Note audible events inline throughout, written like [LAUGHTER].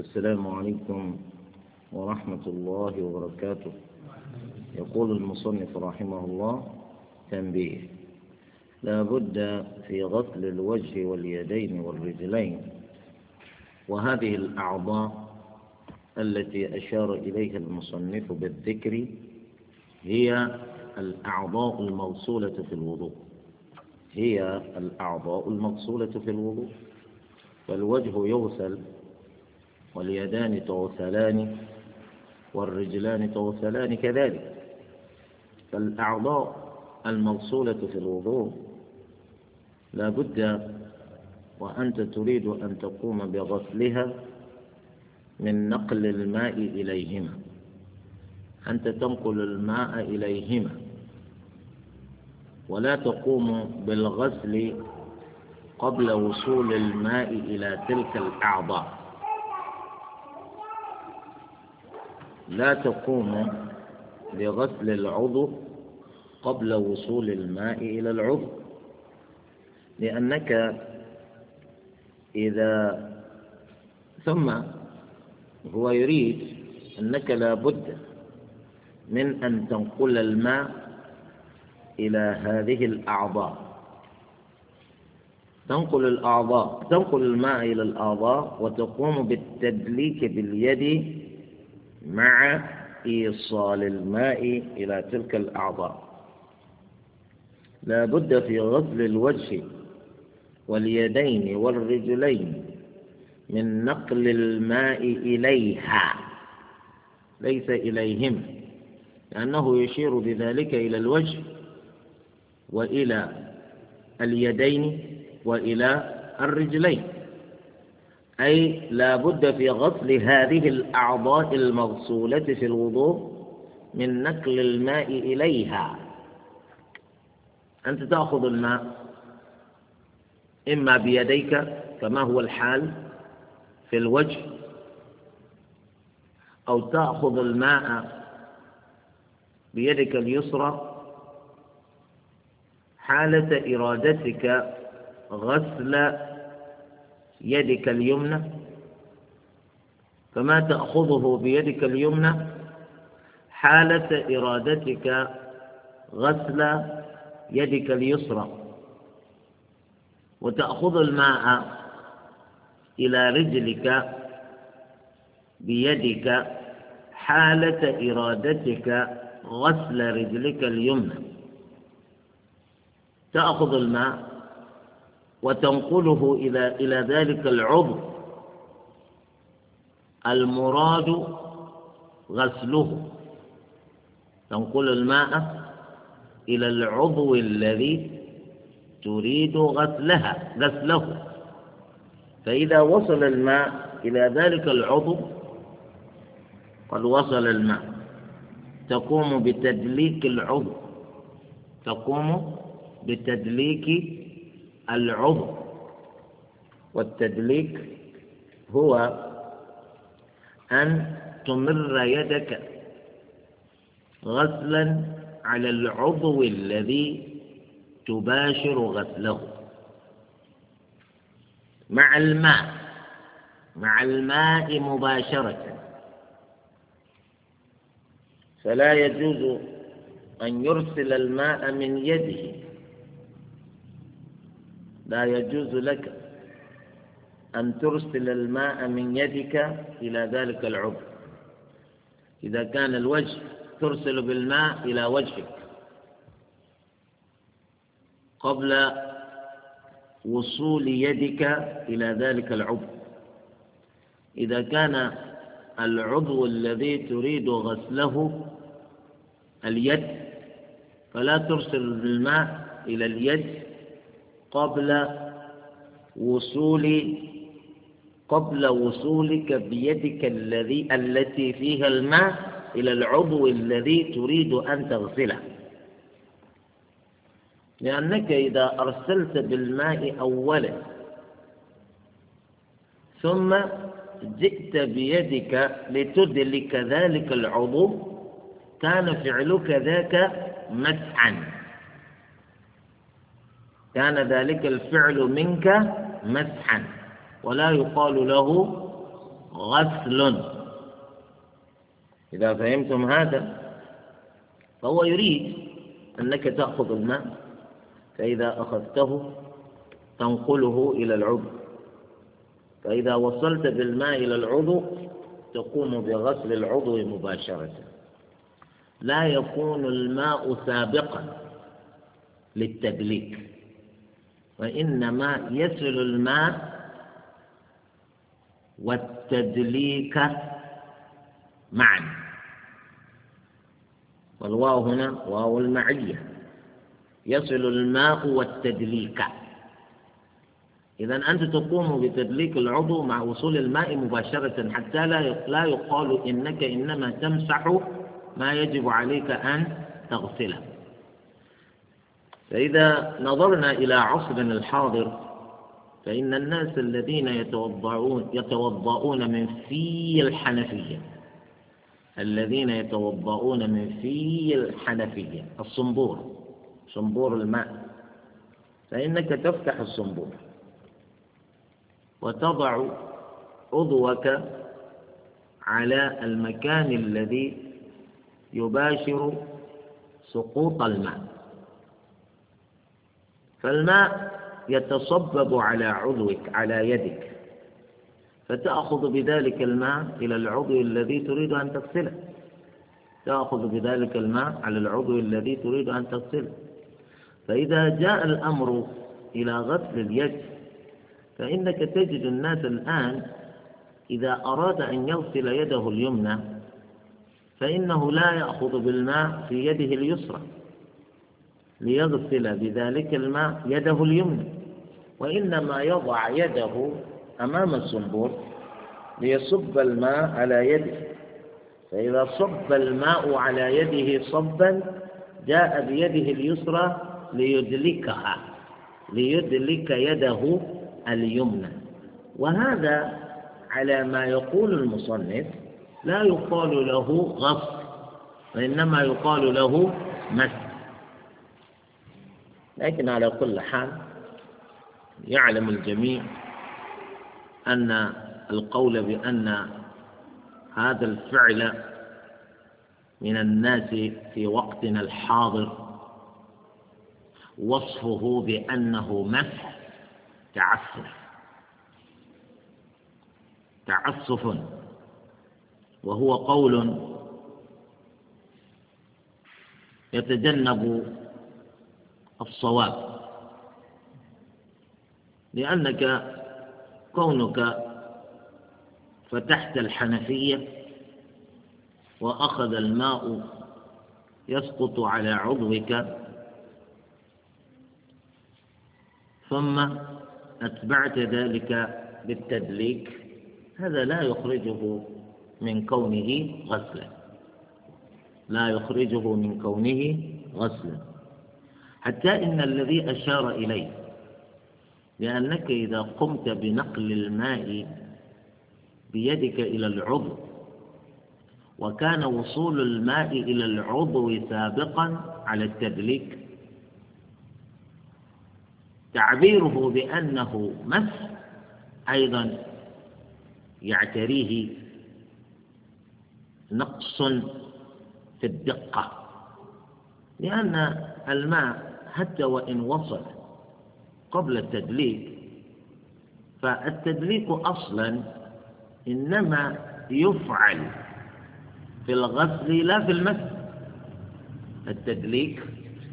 السلام عليكم ورحمة الله وبركاته يقول المصنف رحمه الله تنبيه لا بد في غسل الوجه واليدين والرجلين وهذه الأعضاء التي أشار إليها المصنف بالذكر هي الأعضاء الموصولة في الوضوء هي الأعضاء الموصولة في الوضوء فالوجه يغسل واليدان تغسلان والرجلان تغسلان كذلك فالأعضاء المغسولة في الوضوء لا بد وأنت تريد أن تقوم بغسلها من نقل الماء إليهما أنت تنقل الماء إليهما ولا تقوم بالغسل قبل وصول الماء إلى تلك الأعضاء لا تقوم بغسل العضو قبل وصول الماء إلى العضو لأنك إذا ثم هو يريد أنك لا بد من أن تنقل الماء إلى هذه الأعضاء تنقل الأعضاء تنقل الماء إلى الأعضاء وتقوم بالتدليك باليد مع إيصال الماء إلى تلك الأعضاء لا بد في غسل الوجه واليدين والرجلين من نقل الماء إليها ليس إليهم لأنه يشير بذلك إلى الوجه وإلى اليدين وإلى الرجلين أي لا بد في غسل هذه الأعضاء المغسولة في الوضوء من نقل الماء إليها أنت تأخذ الماء إما بيديك كما هو الحال في الوجه أو تأخذ الماء بيدك اليسرى حالة إرادتك غسل يدك اليمنى فما تأخذه بيدك اليمنى حالة إرادتك غسل يدك اليسرى وتأخذ الماء إلى رجلك بيدك حالة إرادتك غسل رجلك اليمنى تأخذ الماء وتنقله إلى إلى ذلك العضو المراد غسله تنقل الماء إلى العضو الذي تريد غسلها غسله فإذا وصل الماء إلى ذلك العضو قد وصل الماء تقوم بتدليك العضو تقوم بتدليك العضو والتدليك هو أن تمر يدك غسلا على العضو الذي تباشر غسله مع الماء مع الماء مباشرة فلا يجوز أن يرسل الماء من يده لا يجوز لك أن ترسل الماء من يدك إلى ذلك العضو إذا كان الوجه ترسل بالماء إلى وجهك قبل وصول يدك إلى ذلك العضو إذا كان العضو الذي تريد غسله اليد فلا ترسل الماء إلى اليد قبل وصول قبل وصولك بيدك الذي التي فيها الماء إلى العضو الذي تريد أن تغسله لأنك إذا أرسلت بالماء أولا ثم جئت بيدك لتدلك ذلك العضو كان فعلك ذاك مسحا كان ذلك الفعل منك مسحا ولا يقال له غسل إذا فهمتم هذا فهو يريد أنك تأخذ الماء فإذا أخذته تنقله إلى العضو فإذا وصلت بالماء إلى العضو تقوم بغسل العضو مباشرة لا يكون الماء سابقا للتدليك وإنما يسل الماء والتدليك معا والواو هنا واو المعية يصل الماء والتدليك إذا أنت تقوم بتدليك العضو مع وصول الماء مباشرة حتى لا لا يقال إنك إنما تمسح ما يجب عليك أن تغسله فإذا نظرنا إلى عصرنا الحاضر فإن الناس الذين يتوضعون يتوضؤون من في الحنفية الذين يتوضؤون من في الحنفية الصنبور صنبور الماء فإنك تفتح الصنبور وتضع عضوك على المكان الذي يباشر سقوط الماء فالماء يتصبب على عضوك على يدك فتأخذ بذلك الماء إلى العضو الذي تريد أن تغسله تأخذ بذلك الماء على العضو الذي تريد أن تغسله فإذا جاء الأمر إلى غسل اليد فإنك تجد الناس الآن إذا أراد أن يغسل يده اليمنى فإنه لا يأخذ بالماء في يده اليسرى ليغسل بذلك الماء يده اليمنى وإنما يضع يده أمام الزنبور ليصب الماء على يده فإذا صب الماء على يده صبا جاء بيده اليسرى ليدلكها ليدلك يده اليمنى وهذا على ما يقول المصنف لا يقال له غصب وإنما يقال له مس لكن على كل حال يعلم الجميع أن القول بأن هذا الفعل من الناس في وقتنا الحاضر وصفه بأنه مسح تعسف تعسف وهو قول يتجنب الصواب لأنك كونك فتحت الحنفية وأخذ الماء يسقط على عضوك ثم أتبعت ذلك بالتدليك هذا لا يخرجه من كونه غسلا لا يخرجه من كونه غسلا حتى إن الذي أشار إليه لأنك إذا قمت بنقل الماء بيدك إلى العضو وكان وصول الماء إلى العضو سابقا على التدليك تعبيره بأنه مس أيضا يعتريه نقص في الدقة لأن الماء حتى وإن وصل قبل التدليك فالتدليك أصلا إنما يفعل في الغسل لا في المس التدليك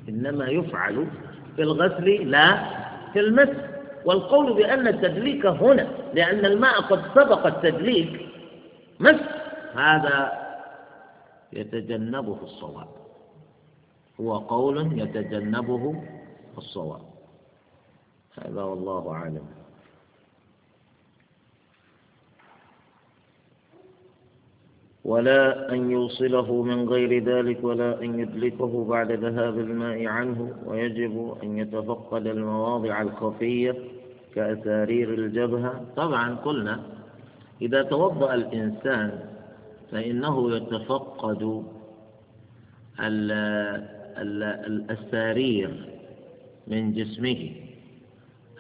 إنما يفعل في الغسل لا في المس والقول بأن التدليك هنا لأن الماء قد سبق التدليك مس هذا يتجنبه الصواب هو قول يتجنبه الصواب هذا والله أعلم ولا أن يوصله من غير ذلك ولا أن يدلكه بعد ذهاب الماء عنه ويجب أن يتفقد المواضع الخفية كأسارير الجبهة طبعا قلنا إذا توضأ الإنسان فإنه يتفقد الأسارير من جسمه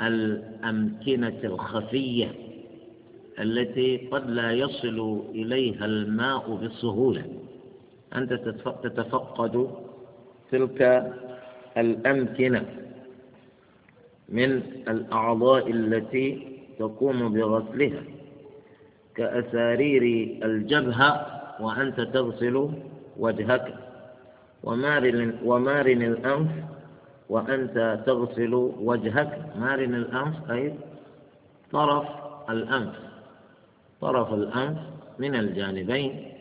الأمكنة الخفية التي قد لا يصل إليها الماء بسهولة أنت تتفقد تلك الأمكنة من الأعضاء التي تقوم بغسلها كأسارير الجبهة وأنت تغسل وجهك ومارن, ومارن الأنف وأنت تغسل وجهك مارن الأنف أي طرف الأنف طرف الأنف من الجانبين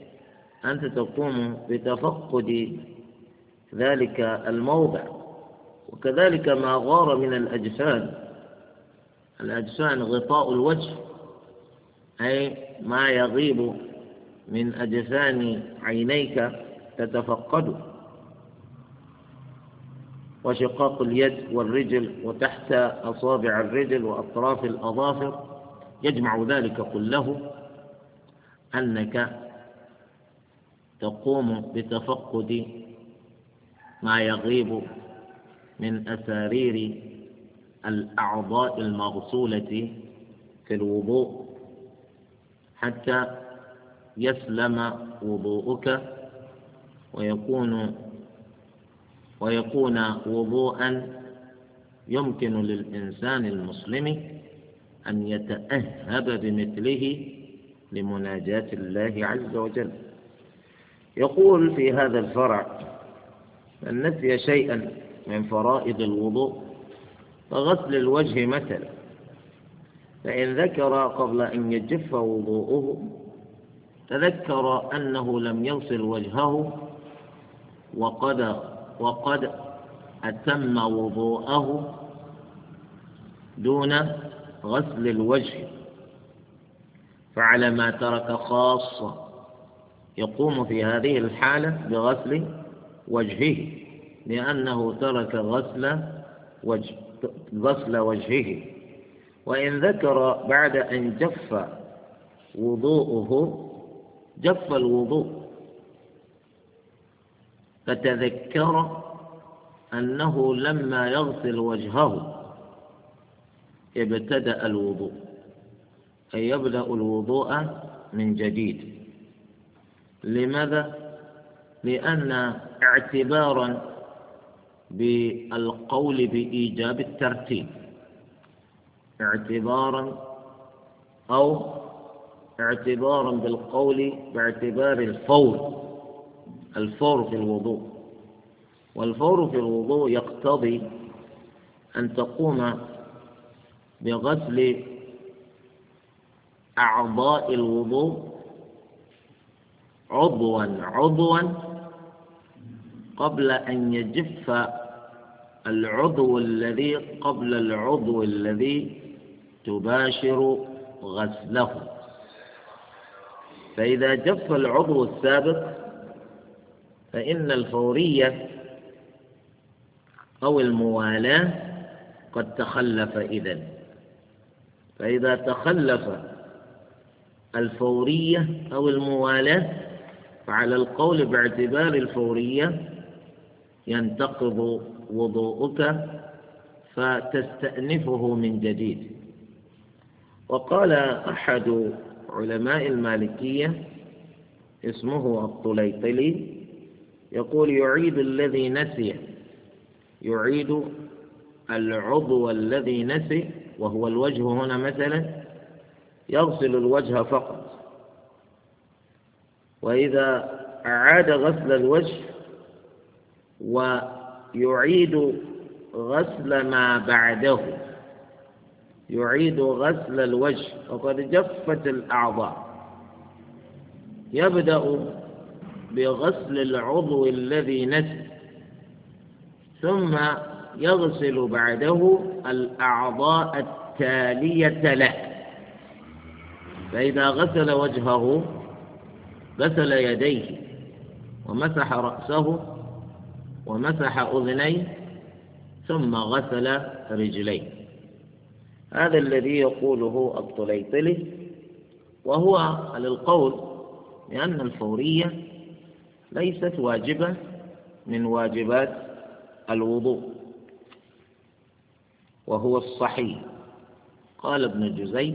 أنت تقوم بتفقد ذلك الموضع وكذلك ما غار من الأجفان الأجفان غطاء الوجه أي ما يغيب من أجفان عينيك تتفقده وشقاق اليد والرجل وتحت أصابع الرجل وأطراف الأظافر يجمع ذلك كله أنك تقوم بتفقد ما يغيب من أسارير الأعضاء المغسولة في الوضوء حتى يسلم وضوءك ويكون ويكون وضوءا يمكن للإنسان المسلم أن يتأهب بمثله لمناجاة الله عز وجل يقول في هذا الفرع من نسي شيئا من فرائض الوضوء فغسل الوجه مثلا فإن ذكر قبل أن يجف وضوءه تذكر أنه لم يغسل وجهه وقد وقد أتم وضوءه دون غسل الوجه فعلى ما ترك خاصة يقوم في هذه الحالة بغسل وجهه لأنه ترك غسل وجه غسل وجهه وإن ذكر بعد أن جف وضوءه جف الوضوء فتذكر أنه لما يغسل وجهه ابتدأ الوضوء أي يبدأ الوضوء من جديد لماذا؟ لأن اعتبارا بالقول بإيجاب الترتيب اعتبارا أو اعتبارا بالقول باعتبار الفور الفور في الوضوء والفور في الوضوء يقتضي أن تقوم بغسل أعضاء الوضوء عضوا عضوا قبل أن يجف العضو الذي قبل العضو الذي تباشر غسله فإذا جف العضو السابق فإن الفورية أو الموالاة قد تخلف إذا فإذا تخلف الفورية أو الموالاة فعلى القول باعتبار الفورية ينتقض وضوءك فتستأنفه من جديد وقال أحد علماء المالكية اسمه الطليطلي يقول يعيد الذي نسي يعيد العضو الذي نسي وهو الوجه هنا مثلا يغسل الوجه فقط وإذا أعاد غسل الوجه ويعيد غسل ما بعده يعيد غسل الوجه وقد جفت الأعضاء يبدأ بغسل العضو الذي نزل ثم يغسل بعده الأعضاء التالية له فإذا غسل وجهه غسل يديه ومسح رأسه ومسح أذنيه ثم غسل رجليه هذا الذي يقوله الطليطلي وهو على القول لأن الفورية ليست واجبة من واجبات الوضوء وهو الصحيح قال ابن جزي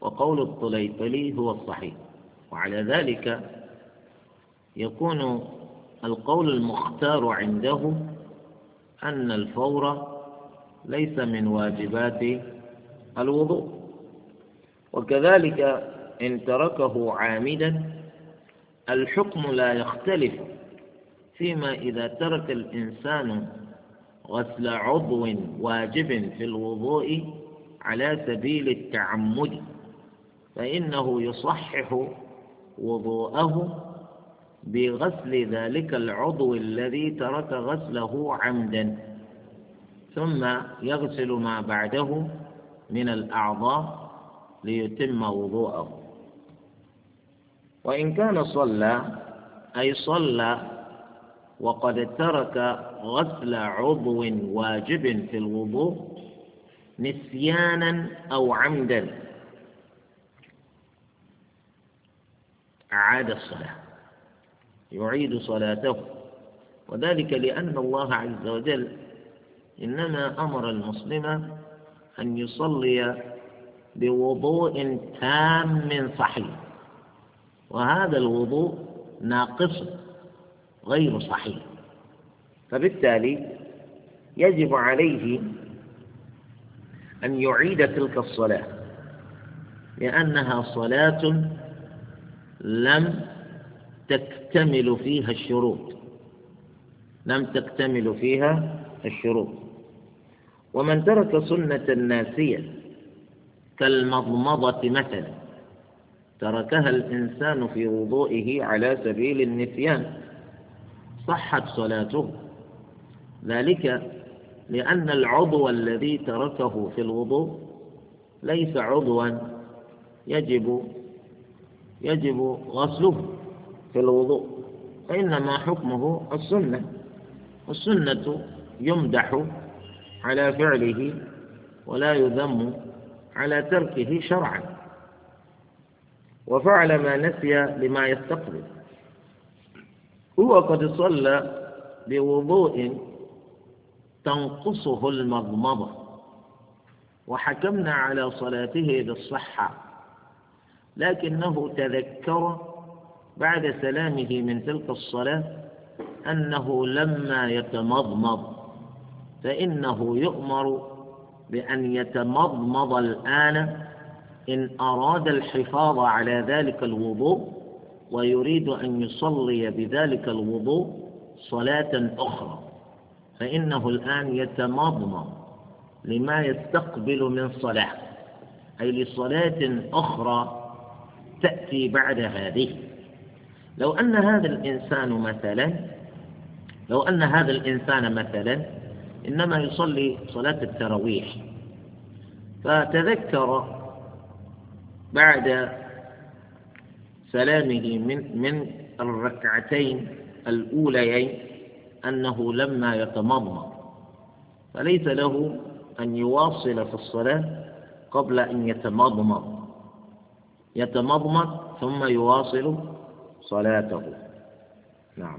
وقول الطليطلي هو الصحيح وعلى ذلك يكون القول المختار عنده أن الفور ليس من واجبات الوضوء وكذلك إن تركه عامدا الحكم لا يختلف فيما إذا ترك الإنسان غسل عضو واجب في الوضوء على سبيل التعمد فإنه يصحح وضوءه بغسل ذلك العضو الذي ترك غسله عمدا ثم يغسل ما بعده من الأعضاء ليتم وضوءه وإن كان صلى أي صلى وقد ترك غسل عضو واجب في الوضوء نسيانا أو عمدا أعاد الصلاة يعيد صلاته وذلك لأن الله عز وجل إنما أمر المسلم أن يصلي بوضوء تام صحيح وهذا الوضوء ناقص غير صحيح فبالتالي يجب عليه أن يعيد تلك الصلاة لأنها صلاة لم تكتمل فيها الشروط لم تكتمل فيها الشروط ومن ترك سنة ناسية كالمضمضة مثلا تركها الإنسان في وضوئه على سبيل النسيان صحت صلاته ذلك لأن العضو الذي تركه في الوضوء ليس عضوا يجب يجب غسله في الوضوء فإنما حكمه السنة والسنة يمدح على فعله ولا يذم على تركه شرعا وفعل ما نسي لما يستقبل هو قد صلى بوضوء تنقصه المضمضة وحكمنا على صلاته بالصحة لكنه تذكر بعد سلامه من تلك الصلاة أنه لما يتمضمض فإنه يؤمر بأن يتمضمض الآن إن أراد الحفاظ على ذلك الوضوء ويريد أن يصلي بذلك الوضوء صلاة أخرى فإنه الآن يتمضمض لما يستقبل من صلاة أي لصلاة أخرى تأتي بعد هذه لو أن هذا الإنسان مثلا لو أن هذا الإنسان مثلا إنما يصلي صلاة التراويح فتذكر بعد سلامه من من الركعتين الأوليين أنه لما يتمضمض فليس له أن يواصل في الصلاة قبل أن يتمضمض يتمضمض ثم يواصل صلاته نعم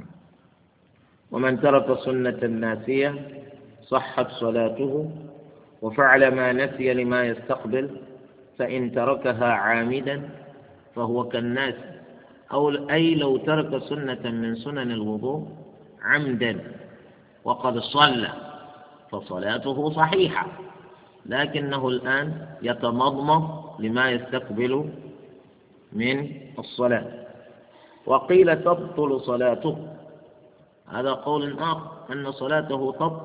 ومن ترك سنة ناسية صحت صلاته وفعل ما نسي لما يستقبل فإن تركها عامدا فهو كالناس أو أي لو ترك سنة من سنن الوضوء عمدا وقد صلى فصلاته صحيحة لكنه الآن يتمضمض لما يستقبل من الصلاة وقيل تبطل صلاته هذا قول آخر أن صلاته تبطل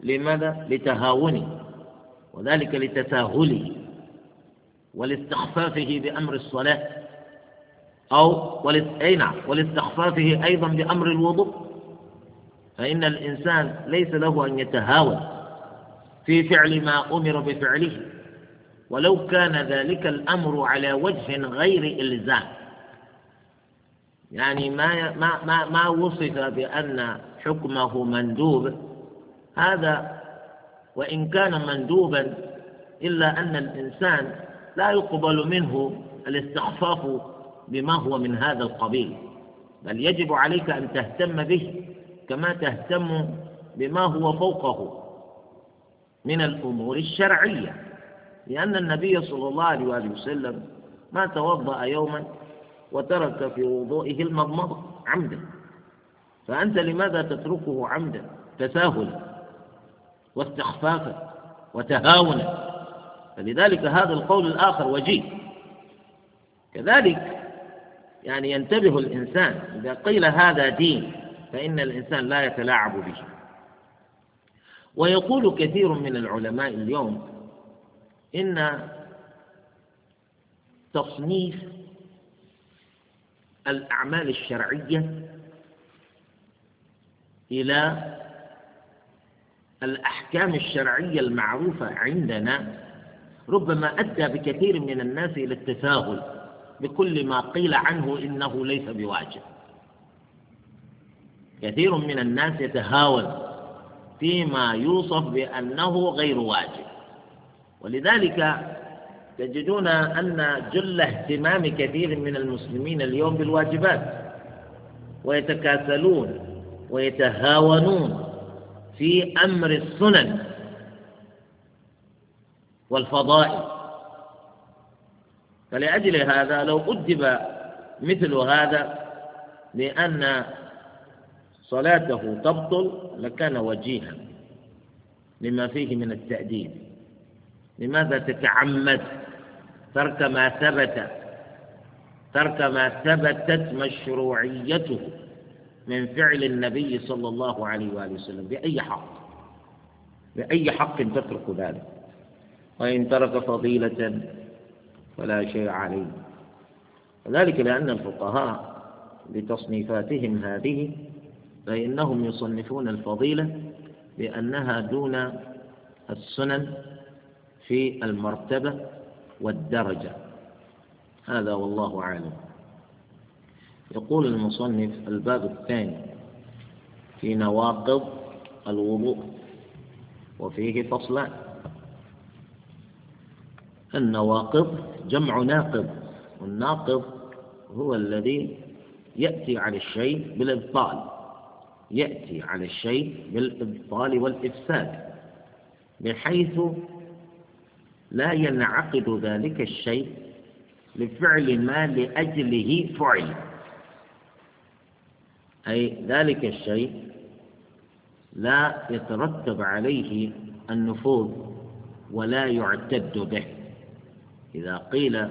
لماذا؟ لتهاونه وذلك لتساهله ولاستخفافه بأمر الصلاة أو أي نعم ولاستخفافه أيضا بأمر الوضوء فإن الإنسان ليس له أن يتهاون في فعل ما أمر بفعله ولو كان ذلك الأمر على وجه غير إلزام يعني ما ما ما, ما وصف بأن حكمه مندوب هذا وإن كان مندوبا إلا أن الإنسان لا يقبل منه الاستخفاف بما هو من هذا القبيل بل يجب عليك أن تهتم به كما تهتم بما هو فوقه من الأمور الشرعية لأن النبي صلى الله عليه وآله وسلم ما توضأ يوما وترك في وضوئه المضمضة عمدا فأنت لماذا تتركه عمدا تساهلا واستخفافا وتهاونا فلذلك هذا القول الآخر وجيه كذلك يعني ينتبه الإنسان إذا قيل هذا دين فإن الإنسان لا يتلاعب به ويقول كثير من العلماء اليوم إن تصنيف الأعمال الشرعية إلى الأحكام الشرعية المعروفة عندنا ربما أدى بكثير من الناس إلى التساهل بكل ما قيل عنه إنه ليس بواجب كثير من الناس يتهاون فيما يوصف بأنه غير واجب ولذلك تجدون أن جل اهتمام كثير من المسلمين اليوم بالواجبات ويتكاسلون ويتهاونون في أمر السنن والفضائل فلأجل هذا لو أدب مثل هذا لأن صلاته تبطل لكان وجيها لما فيه من التأديب لماذا تتعمد ترك ما ثبت ترك ما ثبتت مشروعيته من فعل النبي صلى الله عليه وآله وسلم بأي حق بأي حق تترك ذلك وإن ترك فضيلة فلا شيء عليه وذلك لأن الفقهاء بتصنيفاتهم هذه فإنهم يصنفون الفضيلة بأنها دون السنن في المرتبة والدرجة هذا والله أعلم يقول المصنف الباب الثاني في نواقض الوضوء وفيه فصلان النواقض جمع ناقض والناقض هو الذي يأتي على الشيء بالإبطال يأتي على الشيء بالإبطال والإفساد بحيث لا ينعقد ذلك الشيء لفعل ما لأجله فعل أي ذلك الشيء لا يترتب عليه النفوذ ولا يعتد به إذا قيل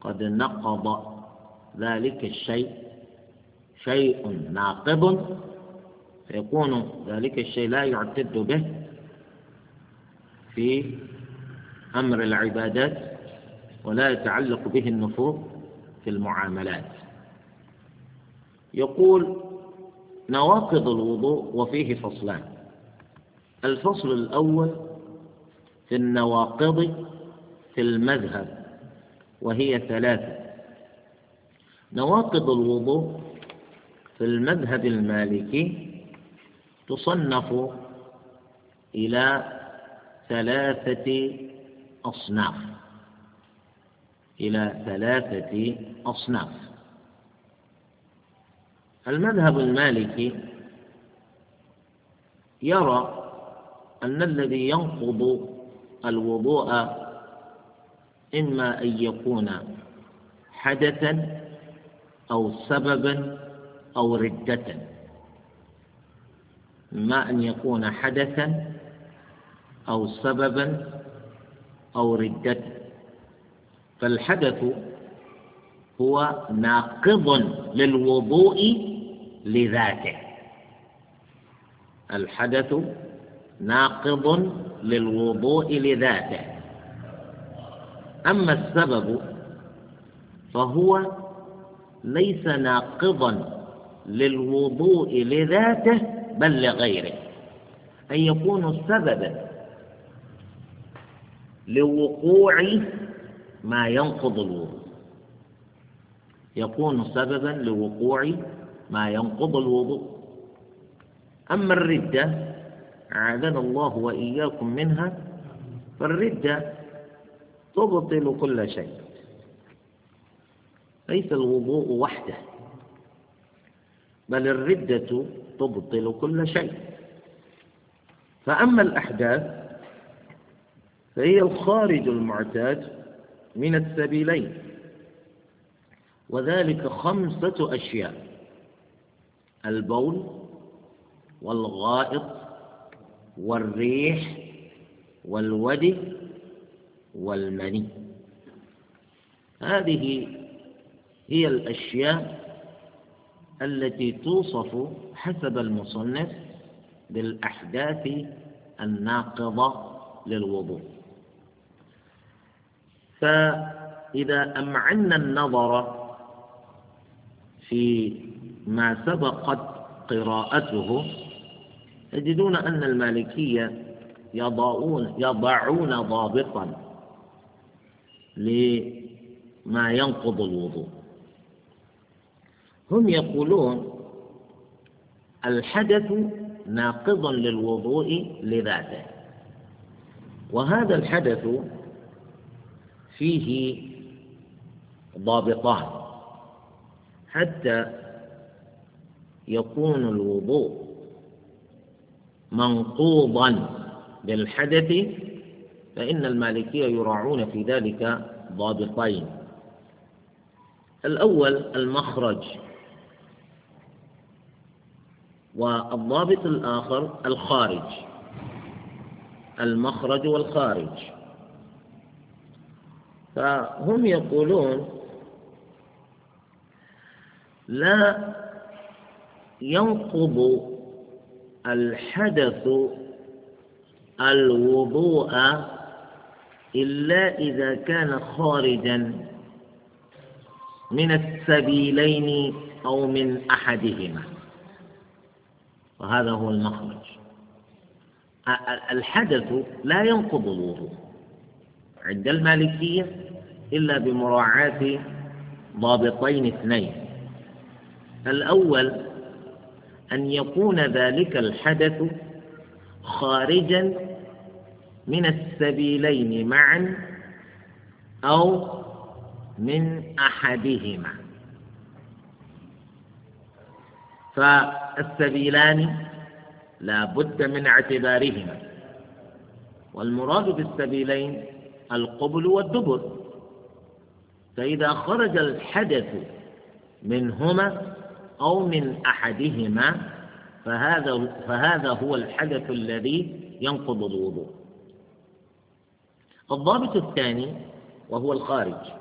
قد نقض ذلك الشيء شيء ناقض فيكون ذلك الشيء لا يعتد به في أمر العبادات ولا يتعلق به النفوذ في المعاملات يقول نواقض الوضوء وفيه فصلان الفصل الأول في النواقض في المذهب وهي ثلاثة نواقض الوضوء في المذهب المالكي تصنف إلى ثلاثة أصناف إلى ثلاثة أصناف المذهب المالكي يرى أن الذي ينقض الوضوء إما أن يكون حدثا أو سببا أو ردة إما أن يكون حدثا أو سببا أو ردة فالحدث هو ناقض للوضوء لذاته الحدث ناقض للوضوء لذاته أما السبب فهو ليس ناقضا للوضوء لذاته بل لغيره أن يكون سببا لوقوع ما ينقض الوضوء يكون سببا لوقوع ما ينقض الوضوء أما الردة أعاذنا الله وإياكم منها فالردة تبطل كل شيء ليس الوضوء وحده بل الردة تبطل كل شيء فأما الأحداث فهي الخارج المعتاد من السبيلين وذلك خمسة أشياء البول والغائط والريح والودي والمني هذه هي الأشياء التي توصف حسب المصنف بالأحداث الناقضة للوضوء فإذا أمعنا النظر في ما سبقت قراءته تجدون أن المالكية يضعون يضعون ضابطا لما ينقض الوضوء هم يقولون الحدث ناقض للوضوء لذاته وهذا الحدث فيه ضابطان حتى يكون الوضوء منقوضا بالحدث فإن المالكية يراعون في ذلك ضابطين الأول المخرج والضابط الآخر الخارج المخرج والخارج فهم يقولون لا ينقض الحدث الوضوء إلا إذا كان خارجا من السبيلين أو من أحدهما وهذا هو المخرج الحدث لا ينقض الوضوء عند المالكية إلا بمراعاة ضابطين اثنين الأول أن يكون ذلك الحدث خارجا من السبيلين معا أو من أحدهما فالسبيلان لا بد من اعتبارهما والمراد بالسبيلين القبل والدبر فإذا خرج الحدث منهما أو من أحدهما فهذا فهذا هو الحدث الذي ينقض الوضوء الضابط الثاني وهو الخارج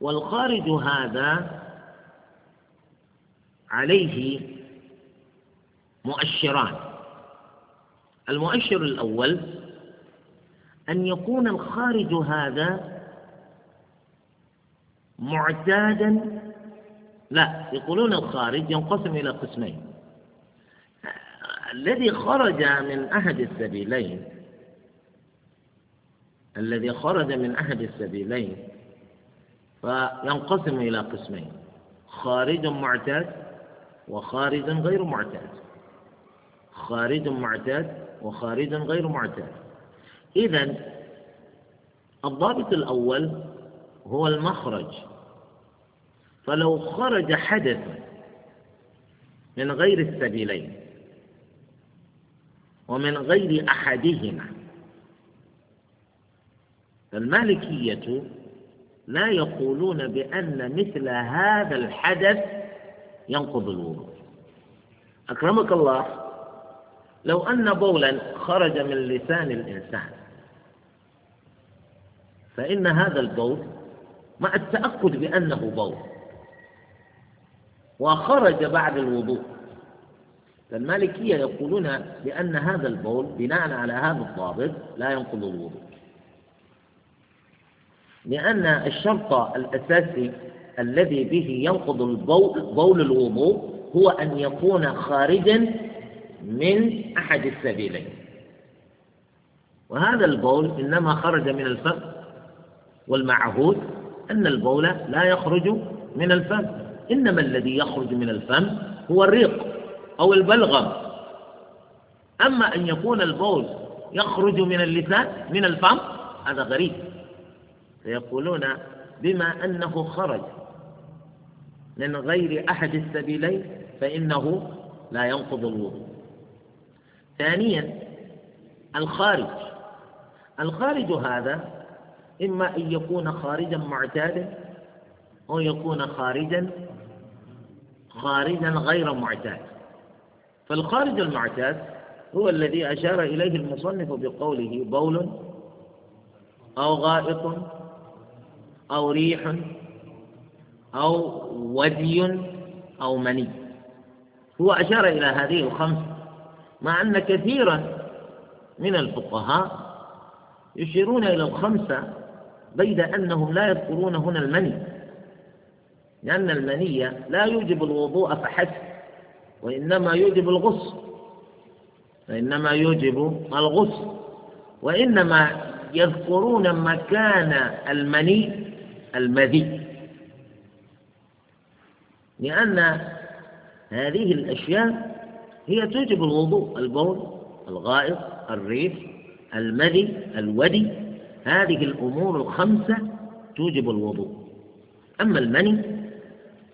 والخارج هذا عليه مؤشران المؤشر الأول أن يكون الخارج هذا معتادا لا يقولون الخارج ينقسم إلى قسمين الذي خرج من أحد السبيلين الذي خرج من أحد السبيلين فينقسم إلى قسمين خارج معتاد وخارج غير معتاد خارج معتاد وخارج غير معتاد إذا الضابط الأول هو المخرج فلو خرج حدث من غير السبيلين ومن غير أحدهما فالمالكية لا يقولون بأن مثل هذا الحدث ينقض الوضوء أكرمك الله لو أن بولا خرج من لسان الإنسان فإن هذا البول مع التأكد بأنه بول وخرج بعد الوضوء فالمالكية يقولون بأن هذا البول بناء على هذا الضابط لا ينقض الوضوء لأن الشرط الأساسي الذي به ينقض البول بول الوضوء هو أن يكون خارجا من أحد السبيلين وهذا البول إنما خرج من الفم والمعهود أن البول لا يخرج من الفم إنما الذي يخرج من الفم هو الريق أو البلغم أما أن يكون البول يخرج من اللسان من الفم هذا غريب فيقولون بما أنه خرج من غير أحد السبيلين فإنه لا ينقض الوضوء ثانيا الخارج الخارج هذا إما أن يكون خارجا معتادا أو يكون خارجا خارجا غير معتاد فالخارج المعتاد هو الذي أشار إليه المصنف بقوله بول أو غائط أو ريح أو ودي أو مني هو أشار إلى هذه الخمس مع أن كثيرا من الفقهاء يشيرون إلى الخمسة بيد أنهم لا يذكرون هنا المني لأن المني لا يوجب الوضوء فحسب وإنما يوجب الغسل وإنما يوجب الغسل وإنما يذكرون مكان المني المذي لأن هذه الأشياء هي توجب الوضوء البول الغائط الريف المذي الودي هذه الأمور الخمسة توجب الوضوء أما المني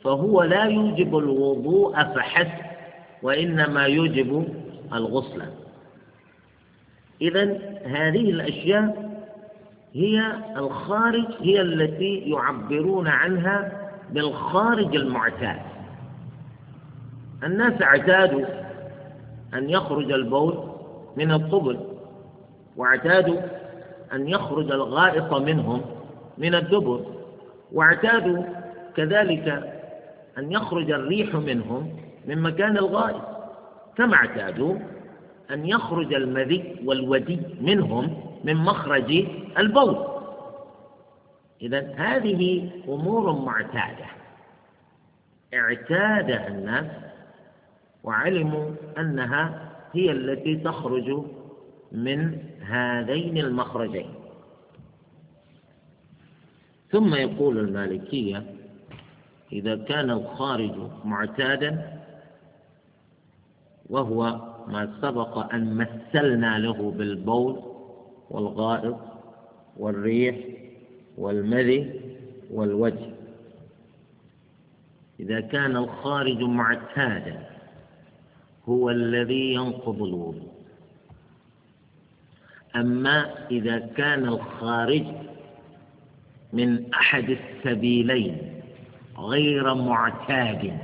فهو لا يوجب الوضوء فحسب وإنما يوجب الغسل إذا هذه الأشياء هي الخارج هي التي يعبرون عنها بالخارج المعتاد الناس اعتادوا أن يخرج البول من القبل واعتادوا أن يخرج الغائط منهم من الدبر واعتادوا كذلك أن يخرج الريح منهم من مكان الغائط كما اعتادوا أن يخرج المذي والودي منهم من مخرج البول إذا هذه أمور معتادة اعتادها الناس وعلموا أنها هي التي تخرج من هذين المخرجين ثم يقول المالكية إذا كان الخارج معتادا وهو ما سبق أن مثلنا له بالبول والغائط والريح والمذي والوجه إذا كان الخارج معتادا هو الذي ينقض الوضوء أما إذا كان الخارج من أحد السبيلين غير معتاد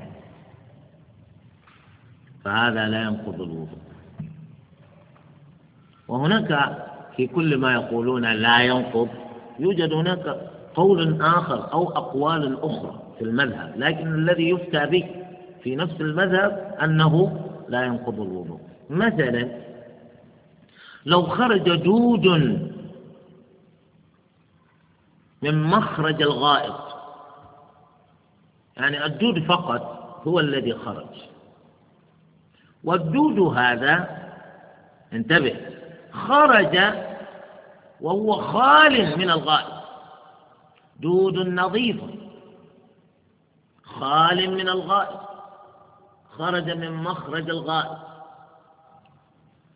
فهذا لا ينقض الوضوء وهناك في كل ما يقولون لا ينقض يوجد هناك قول آخر أو أقوال أخرى في المذهب لكن الذي يفتى به في نفس المذهب أنه لا ينقض الوضوء مثلا لو خرج دود من مخرج الغائط يعني الدود فقط هو الذي خرج والدود هذا انتبه خرج وهو خال من الغائط دود نظيف خال من الغائط خرج من مخرج الغائط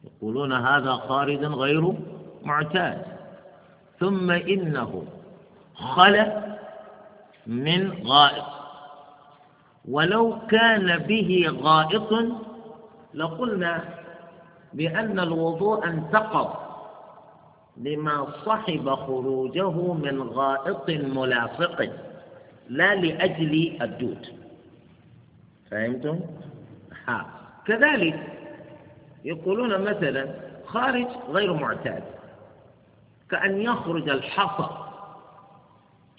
يقولون هذا خارج غير معتاد ثم إنه خل من غائط ولو كان به غائط لقلنا بأن الوضوء انتقض لما صحب خروجه من غائط ملاصق لا لأجل الدود فهمتم؟ ها كذلك يقولون مثلا خارج غير معتاد كأن يخرج الحصى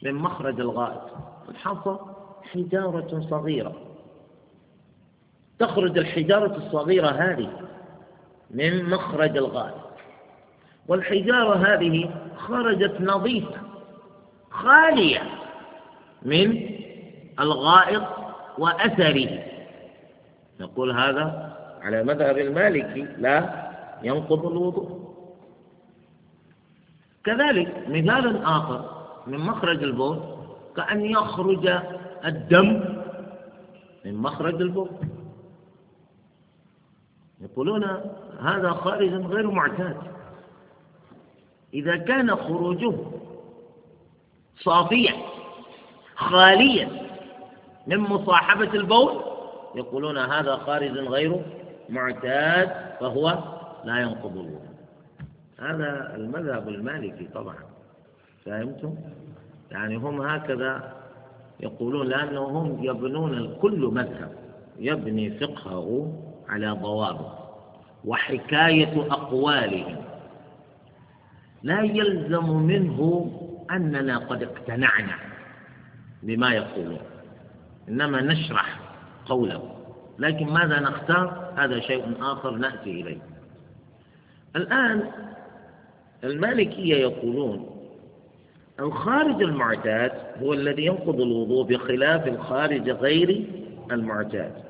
من مخرج الغائط الحصى حجارة صغيرة تخرج الحجارة الصغيرة هذه من مخرج الغاز والحجارة هذه خرجت نظيفة خالية من الغائط وأثره نقول هذا على مذهب المالكي لا ينقض الوضوء كذلك مثال آخر من مخرج البول كأن يخرج الدم من مخرج البول يقولون هذا خارج غير معتاد إذا كان خروجه صافيا خاليا من مصاحبة البول يقولون هذا خارج غير معتاد فهو لا ينقض الوضوء هذا المذهب المالكي طبعا فهمتم؟ يعني هم هكذا يقولون لأنهم يبنون كل مذهب يبني فقهه على ضوابط وحكاية أقوالهم لا يلزم منه أننا قد اقتنعنا بما يقولون إنما نشرح قوله لكن ماذا نختار هذا شيء آخر نأتي إليه الآن المالكية يقولون الخارج المعتاد هو الذي ينقض الوضوء بخلاف الخارج غير المعتاد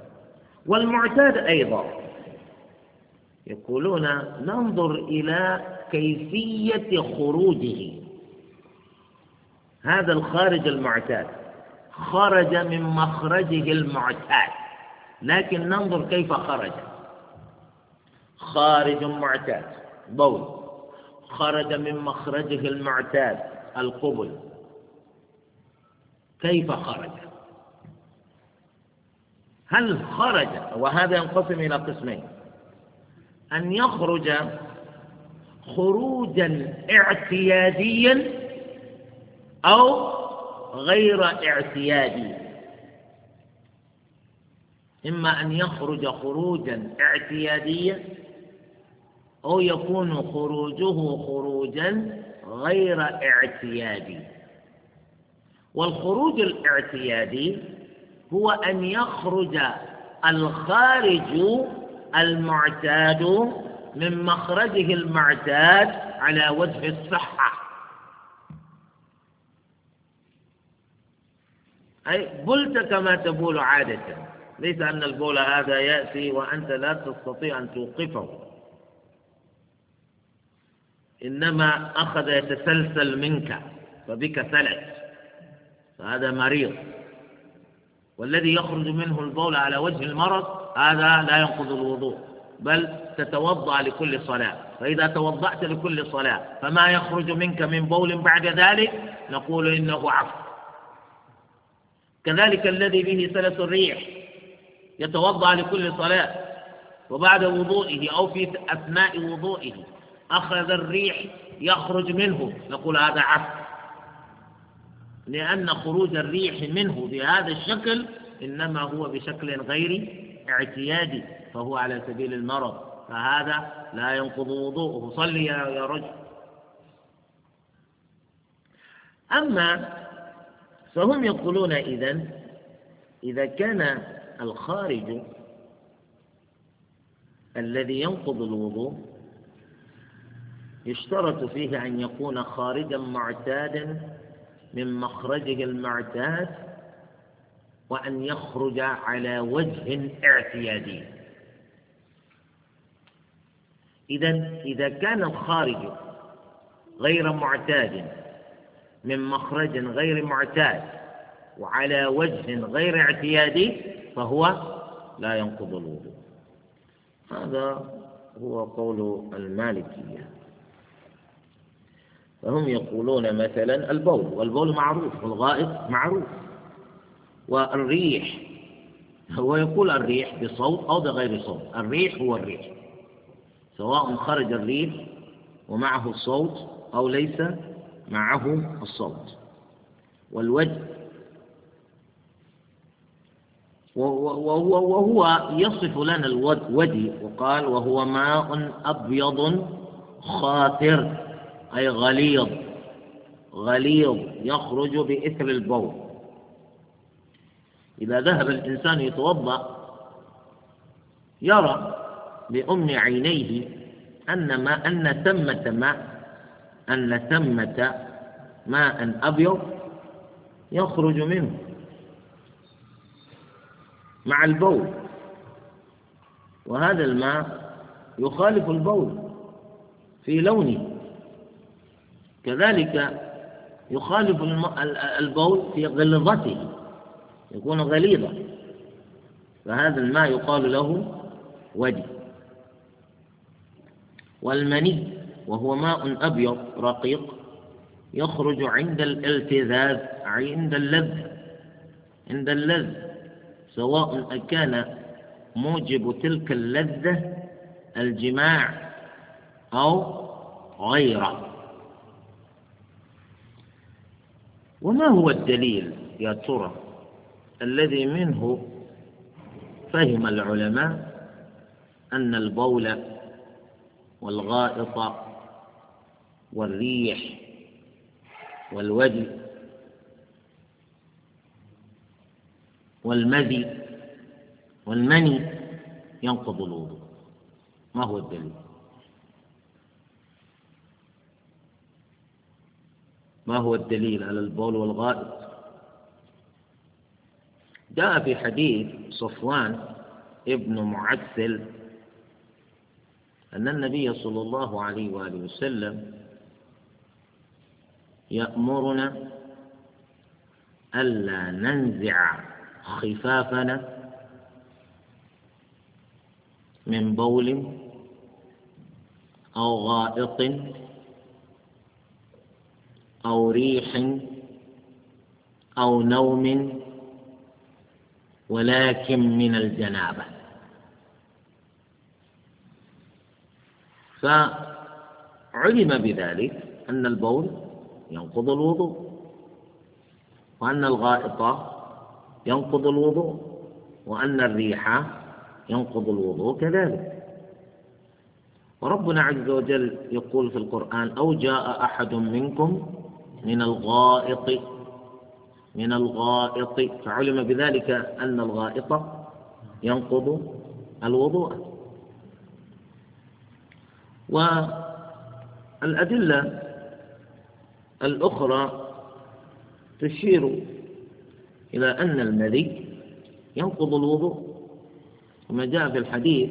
والمعتاد أيضا يقولون ننظر إلى كيفية خروجه هذا الخارج المعتاد خرج من مخرجه المعتاد لكن ننظر كيف خرج خارج معتاد بول خرج من مخرجه المعتاد القبل كيف خرج هل خرج وهذا ينقسم إلى قسمين أن يخرج خروجا اعتياديا أو غير اعتيادي إما أن يخرج خروجا اعتياديا أو يكون خروجه خروجا غير اعتيادي والخروج الاعتيادي هو أن يخرج الخارج المعتاد من مخرجه المعتاد على وجه الصحة أي بلت كما تبول عادة ليس أن البول هذا يأتي وأنت لا تستطيع أن توقفه إنما أخذ يتسلسل منك فبك سلت فهذا مريض والذي يخرج منه البول على وجه المرض هذا لا ينقض الوضوء بل تتوضأ لكل صلاة فإذا توضأت لكل صلاة فما يخرج منك من بول بعد ذلك نقول إنه عفو كذلك الذي به سلس الريح يتوضأ لكل صلاة وبعد وضوئه أو في أثناء وضوئه أخذ الريح يخرج منه نقول هذا عفو لأن خروج الريح منه بهذا الشكل إنما هو بشكل غير اعتيادي فهو على سبيل المرض فهذا لا ينقض وضوءه صلي يا رجل أما فهم يقولون إذا إذا كان الخارج الذي ينقض الوضوء يشترط فيه أن يكون خارجا معتادا من مخرجه المعتاد وأن يخرج على وجه اعتيادي إذا إذا كان الخارج غير معتاد من مخرج غير معتاد وعلى وجه غير اعتيادي فهو لا ينقض الوضوء هذا هو قول المالكيه فهم يقولون مثلا البول والبول معروف والغائط معروف والريح هو يقول الريح بصوت أو بغير صوت الريح هو الريح سواء خرج الريح ومعه الصوت أو ليس معه الصوت والوجه وهو, وهو يصف لنا الودي وقال وهو ماء أبيض خاطر أي غليظ غليظ يخرج بإثر البول إذا ذهب الإنسان يتوضأ يرى بأم عينيه أن ما أن ثمة ماء أن ثمة ماء أبيض يخرج منه مع البول وهذا الماء يخالف البول في لونه كذلك يخالف البول في غلظته يكون غليظا فهذا الماء يقال له ودي والمني وهو ماء أبيض رقيق يخرج عند الالتذاذ عند اللذ عند اللذ سواء أكان موجب تلك اللذة الجماع أو غيره وما هو الدليل يا ترى الذي منه فهم العلماء أن البول والغائط والريح والودي والمذي والمني ينقض الوضوء ما هو الدليل ما هو الدليل على البول والغائط جاء في حديث صفوان ابن معسل أن النبي صلى الله عليه وآله وسلم يأمرنا ألا ننزع خفافنا من بول أو غائط أو ريح أو نوم ولكن من الجنابة فعلم بذلك أن البول ينقض الوضوء وأن الغائط ينقض الوضوء وأن الريح ينقض الوضوء كذلك وربنا عز وجل يقول في القرآن أو جاء أحد منكم من الغائط من الغائط فعلم بذلك أن الغائط ينقض الوضوء والأدلة الأخرى تشير إلى أن المذي ينقض الوضوء وما جاء في الحديث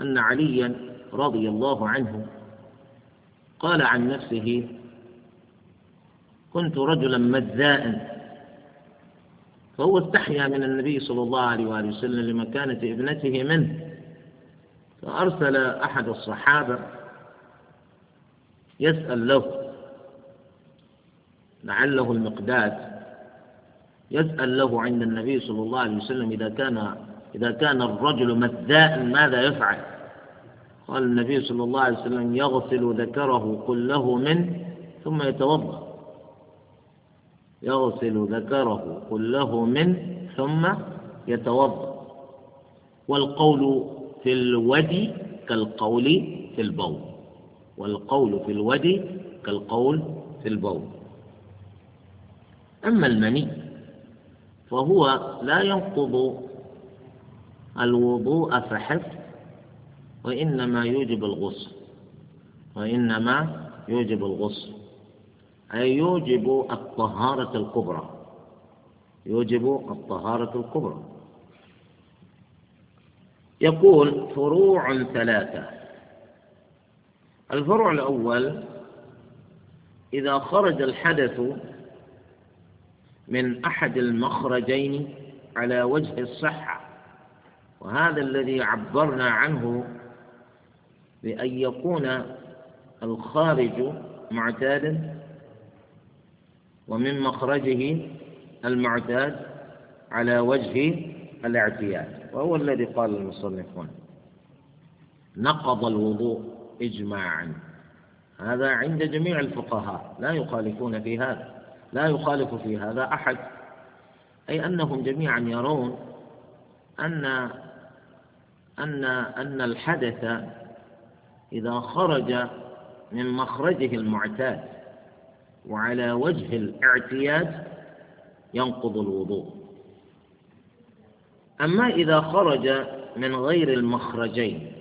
أن عليا رضي الله عنه قال عن نفسه كنت رجلا مذاء فهو استحيا من النبي صلى الله عليه وآله وسلم لمكانة ابنته منه فأرسل أحد الصحابة يسأل له لعله المقداد يسأل له عند النبي صلى الله عليه وسلم إذا كان إذا كان الرجل مذاء ماذا يفعل؟ قال النبي صلى الله عليه وسلم يغسل ذكره كله منه ثم يتوضأ يغسل ذكره كله من ثم يتوضأ والقول في الودي كالقول في البول والقول في الودي كالقول في البول أما المني فهو لا ينقض الوضوء فحسب وإنما يوجب الغسل وإنما يوجب الغسل أي يوجب الطهارة الكبرى يوجب الطهارة الكبرى يقول فروع ثلاثة الفرع الأول إذا خرج الحدث من أحد المخرجين على وجه الصحة وهذا الذي عبرنا عنه بأن يكون الخارج معتادا ومن مخرجه المعتاد على وجه الاعتياد وهو الذي قال المصنفون نقض الوضوء إجماعا هذا عند جميع الفقهاء لا يخالفون في هذا لا يخالف في هذا أحد أي أنهم جميعا يرون أن أن أن الحدث إذا خرج من مخرجه المعتاد وعلى وجه الاعتياد ينقض الوضوء أما إذا خرج من غير المخرجين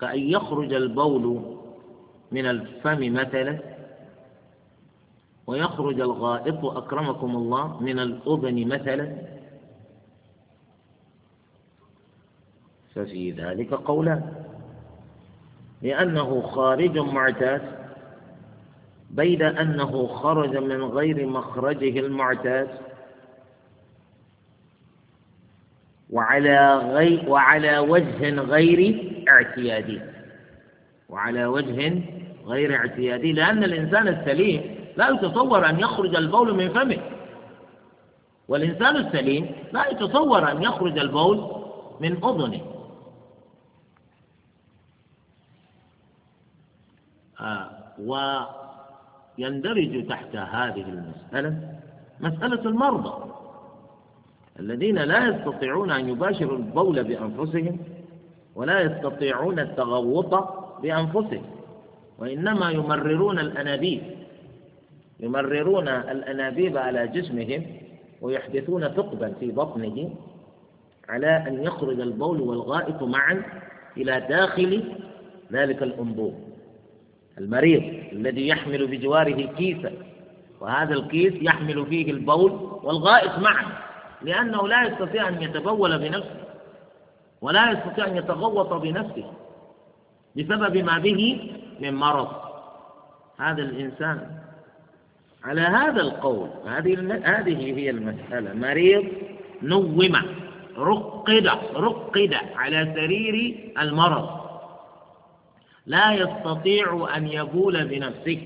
كأن يخرج البول من الفم مثلا ويخرج الغائط أكرمكم الله من الأذن مثلا ففي ذلك قولان لأنه خارج معتاد بيد أنه خرج من غير مخرجه المعتاد وعلى غي وعلى وجه غير اعتيادي وعلى وجه غير اعتيادي لأن الإنسان السليم لا يتصور أن يخرج البول من فمه والإنسان السليم لا يتصور أن يخرج البول من أذنه آه. و يندرج تحت هذه المسألة مسألة المرضى الذين لا يستطيعون أن يباشروا البول بأنفسهم ولا يستطيعون التغوط بأنفسهم وإنما يمررون الأنابيب يمررون الأنابيب على جسمهم ويحدثون ثقبا في بطنه على أن يخرج البول والغائط معا إلى داخل ذلك الأنبوب المريض الذي يحمل بجواره كيسا وهذا الكيس يحمل فيه البول والغائط معا لأنه لا يستطيع أن يتبول بنفسه ولا يستطيع أن يتغوط بنفسه بسبب ما به من مرض هذا الإنسان على هذا القول هذه هذه هي المسألة مريض نوم رقد رقد على سرير المرض لا يستطيع أن يبول بنفسه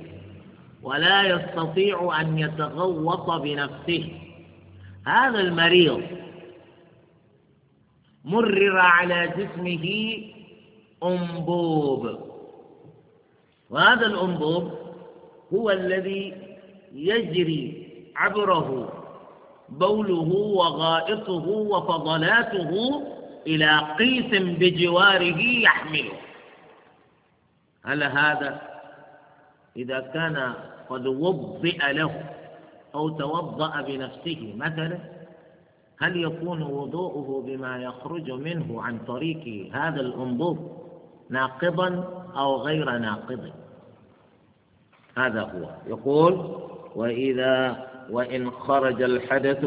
ولا يستطيع أن يتغوط بنفسه هذا المريض مرر على جسمه أنبوب وهذا الأنبوب هو الذي يجري عبره بوله وغائطه وفضلاته إلى قيس بجواره يحمله على هذا إذا كان قد وضئ له أو توضأ بنفسه مثلا هل يكون وضوءه بما يخرج منه عن طريق هذا الأنبوب ناقضا أو غير ناقض هذا هو يقول وإذا وإن خرج الحدث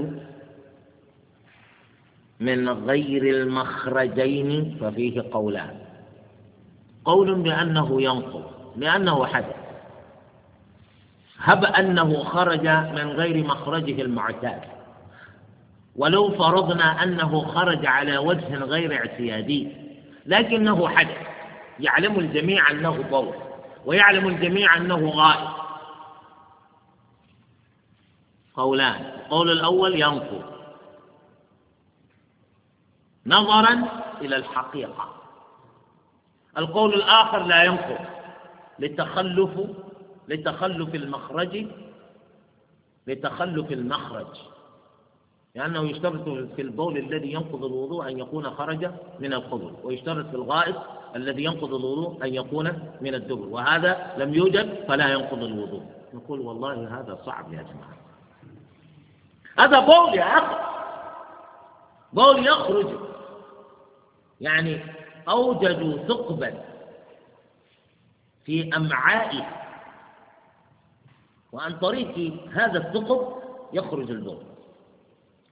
من غير المخرجين ففيه قولان قول بأنه ينقض لأنه حدث هب أنه خرج من غير مخرجه المعتاد ولو فرضنا أنه خرج على وجه غير اعتيادي لكنه حدث يعلم الجميع أنه بول ويعلم الجميع أنه غائب قولان القول الأول ينقض نظرا إلى الحقيقة القول الآخر لا ينقض لتخلف لتخلف المخرج لتخلف المخرج لأنه يشترط في البول الذي ينقض الوضوء أن يكون خرج من القبل ويشترط في الغائط الذي ينقض الوضوء أن يكون من الدبر وهذا لم يوجد فلا ينقض الوضوء نقول والله هذا صعب يا جماعة هذا بول يا أخي بول يخرج يعني أوجدوا ثقبا في أمعائه وعن طريق هذا الثقب يخرج البول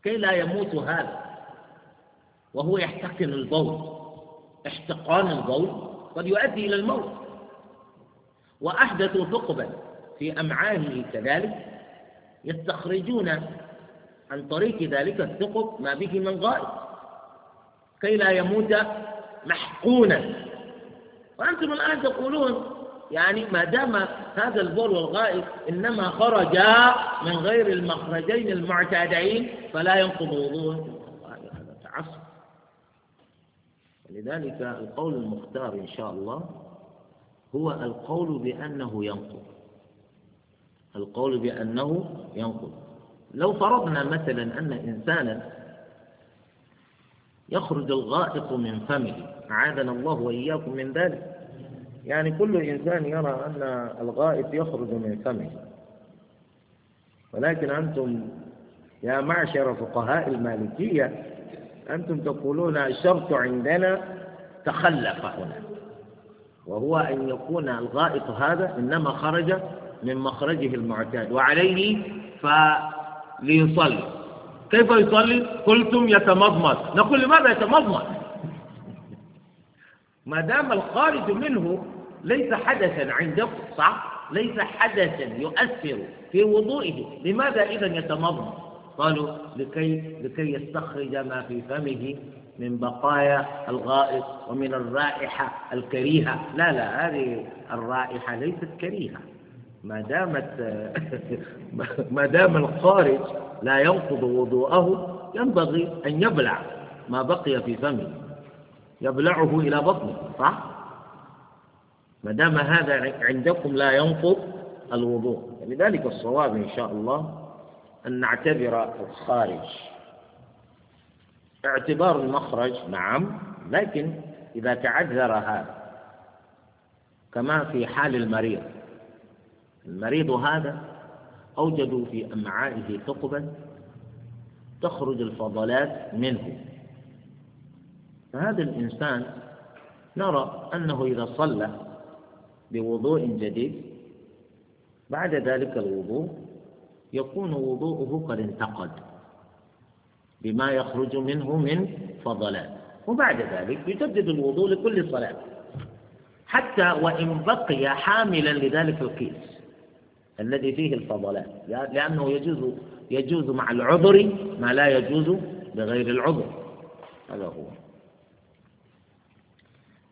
كي لا يموت هذا وهو يحتقن البول احتقان البول قد يؤدي إلى الموت وأحدثوا ثقبا في أمعائه كذلك يستخرجون عن طريق ذلك الثقب ما به من غائب كي لا يموت محقونا وأنتم الآن تقولون يعني ما دام هذا البول والغائط إنما خرجا من غير المخرجين المعتادين فلا ينقض وضوءه هذا تعصب لذلك القول المختار إن شاء الله هو القول بأنه ينقض القول بأنه ينقض لو فرضنا مثلا أن إنسانا يخرج الغائط من فمه عادنا الله وإياكم من ذلك يعني كل إنسان يرى أن الغائط يخرج من فمه ولكن أنتم يا معشر فقهاء المالكية أنتم تقولون الشرط عندنا تخلف هنا وهو أن يكون الغائط هذا إنما خرج من مخرجه المعتاد وعليه فليصلي كيف يصلي؟ قلتم يتمضمض نقول لماذا يتمضمض؟ ما دام الخارج منه ليس حدثا عندكم صح؟ ليس حدثا يؤثر في وضوئه لماذا إذا يتمضمض قالوا لكي, لكي يستخرج ما في فمه من بقايا الغائط ومن الرائحة الكريهة لا لا هذه الرائحة ليست كريهة ما دامت [LAUGHS] ما دام الخارج لا ينقض وضوءه ينبغي أن يبلع ما بقي في فمه يبلعه إلى بطنه صح؟ ما دام هذا عندكم لا ينقض الوضوء لذلك الصواب إن شاء الله أن نعتبر الخارج اعتبار المخرج نعم لكن إذا تعذر هذا كما في حال المريض المريض هذا أوجدوا في أمعائه ثقبا تخرج الفضلات منه فهذا الإنسان نرى أنه إذا صلى بوضوء جديد بعد ذلك الوضوء يكون وضوءه قد انتقد بما يخرج منه من فضلات وبعد ذلك يجدد الوضوء لكل صلاة حتى وإن بقي حاملا لذلك القيس الذي فيه الفضلات لأنه يجوز يجوز مع العذر ما لا يجوز بغير العذر هذا هو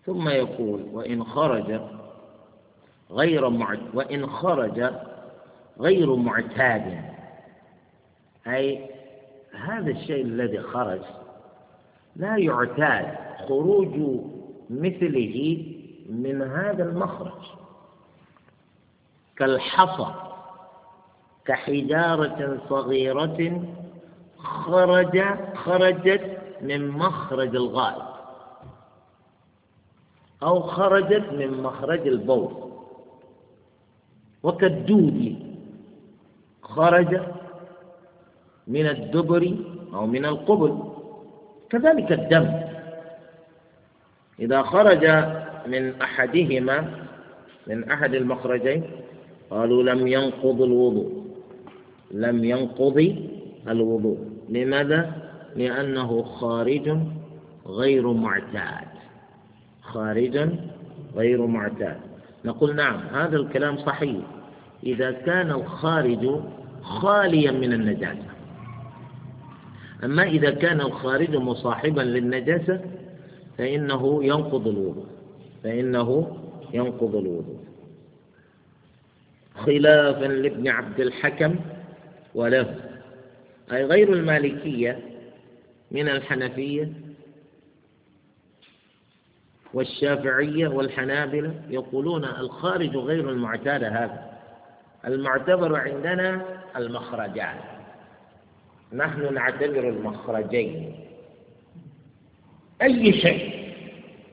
ثم يقول وإن خرج غير وإن خرج غير معتاد أي هذا الشيء الذي خرج لا يعتاد خروج مثله من هذا المخرج كالحصى كحجارة صغيرة خرج خرجت من مخرج الغائب أو خرجت من مخرج البول وكالدود خرج من الدبر أو من القبل كذلك الدم إذا خرج من أحدهما من أحد المخرجين قالوا لم ينقض الوضوء لم ينقض الوضوء لماذا؟ لأنه خارج غير معتاد خارجا غير معتاد نقول نعم هذا الكلام صحيح إذا كان الخارج خاليا من النجاسة أما إذا كان الخارج مصاحبا للنجاسة فإنه ينقض الوضوء فإنه ينقض الوضوء خلافا لابن عبد الحكم وله أي غير المالكية من الحنفية والشافعية والحنابلة يقولون الخارج غير المعتاد هذا المعتبر عندنا المخرجان نحن نعتبر المخرجين أي شيء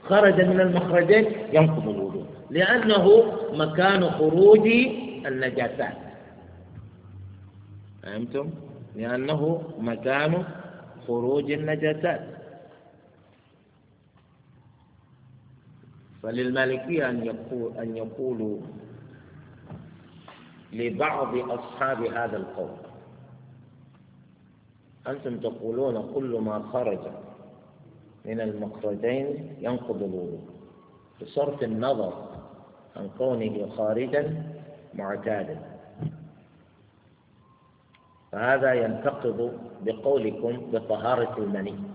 خرج من المخرجين ينقض الوضوء لأنه مكان خروج النجاسات فهمتم؟ لأنه مكان خروج النجاسات فللمالكية أن يقول أن يقولوا لبعض أصحاب هذا القول أنتم تقولون كل ما خرج من المخرجين ينقض الوضوء بصرف النظر عن كونه خارجا معتادا فهذا ينتقض بقولكم بطهارة المني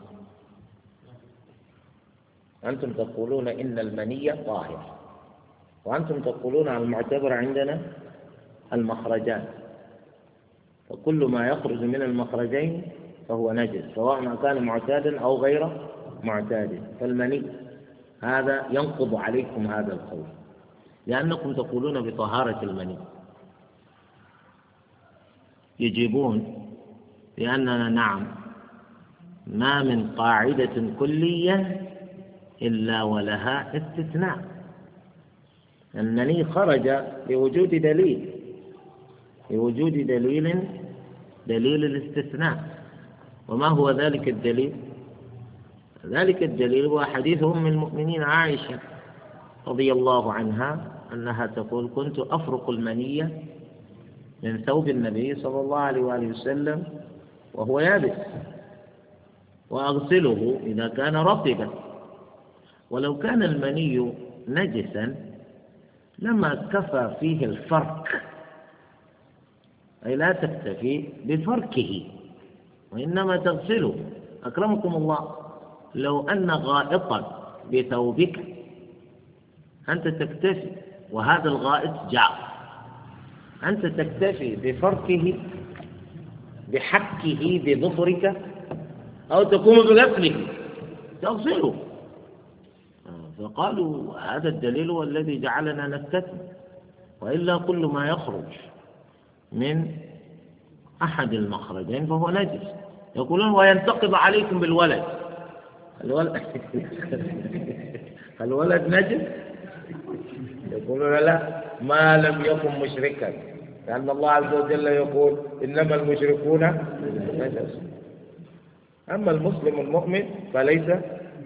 أنتم تقولون إن المنية طاهر وأنتم تقولون على المعتبر عندنا المخرجان فكل ما يخرج من المخرجين فهو نجس سواء ما كان معتادا أو غير معتاد فالمني هذا ينقض عليكم هذا القول لأنكم تقولون بطهارة المني يجيبون بأننا نعم ما من قاعدة كلية إلا ولها استثناء أنني خرج لوجود دليل لوجود دليل دليل الاستثناء وما هو ذلك الدليل ذلك الدليل هو حديث أم المؤمنين عائشة رضي الله عنها أنها تقول كنت أفرق المنية من ثوب النبي صلى الله عليه وآله وسلم وهو يابس وأغسله إذا كان رطبا ولو كان المني نجسا لما كفى فيه الفرك أي لا تكتفي بفركه وإنما تغسله أكرمكم الله لو أن غائطا بثوبك أنت تكتفي وهذا الغائط جعف أنت تكتفي بفركه بحكه بظفرك أو تقوم بغسله تغسله فقالوا هذا الدليل هو الذي جعلنا نفتتن وإلا كل ما يخرج من أحد المخرجين فهو نجس يقولون وينتقض عليكم بالولد الولد [LAUGHS] الولد نجس يقولون لا ما لم يكن مشركا لأن الله عز وجل يقول إنما المشركون نجس أما المسلم المؤمن فليس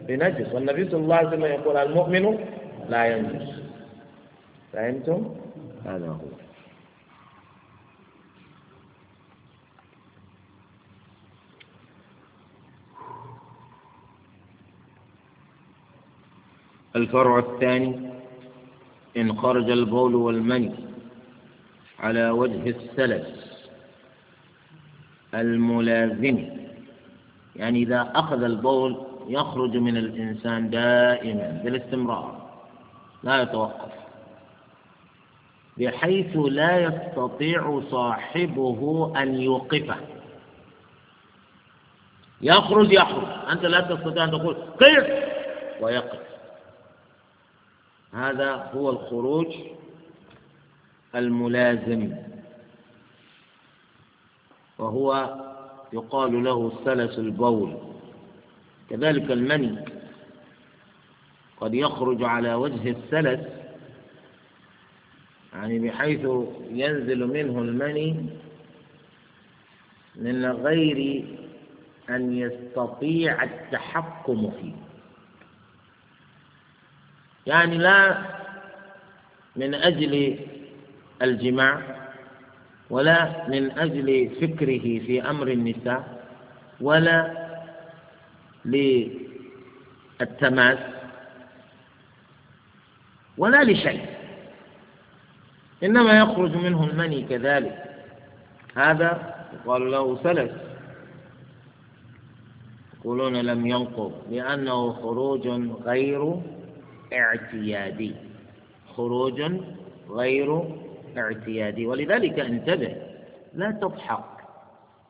بنجس والنبي صلى الله عليه وسلم يقول المؤمن لا ينجس فهمتم؟ هذا هو الفرع الثاني إن خرج البول والمني على وجه السلس الملازم يعني إذا أخذ البول يخرج من الإنسان دائما بالاستمرار لا يتوقف بحيث لا يستطيع صاحبه أن يوقفه يخرج يخرج أنت لا تستطيع أن تقول قف ويقف هذا هو الخروج الملازم وهو يقال له سلس البول كذلك المني قد يخرج على وجه السلس يعني بحيث ينزل منه المني من غير أن يستطيع التحكم فيه يعني لا من أجل الجماع ولا من أجل فكره في أمر النساء ولا للتماس ولا لشيء إنما يخرج منه المني كذلك هذا يقال له سلس يقولون لم ينقض لأنه خروج غير اعتيادي خروج غير اعتيادي ولذلك انتبه لا تضحك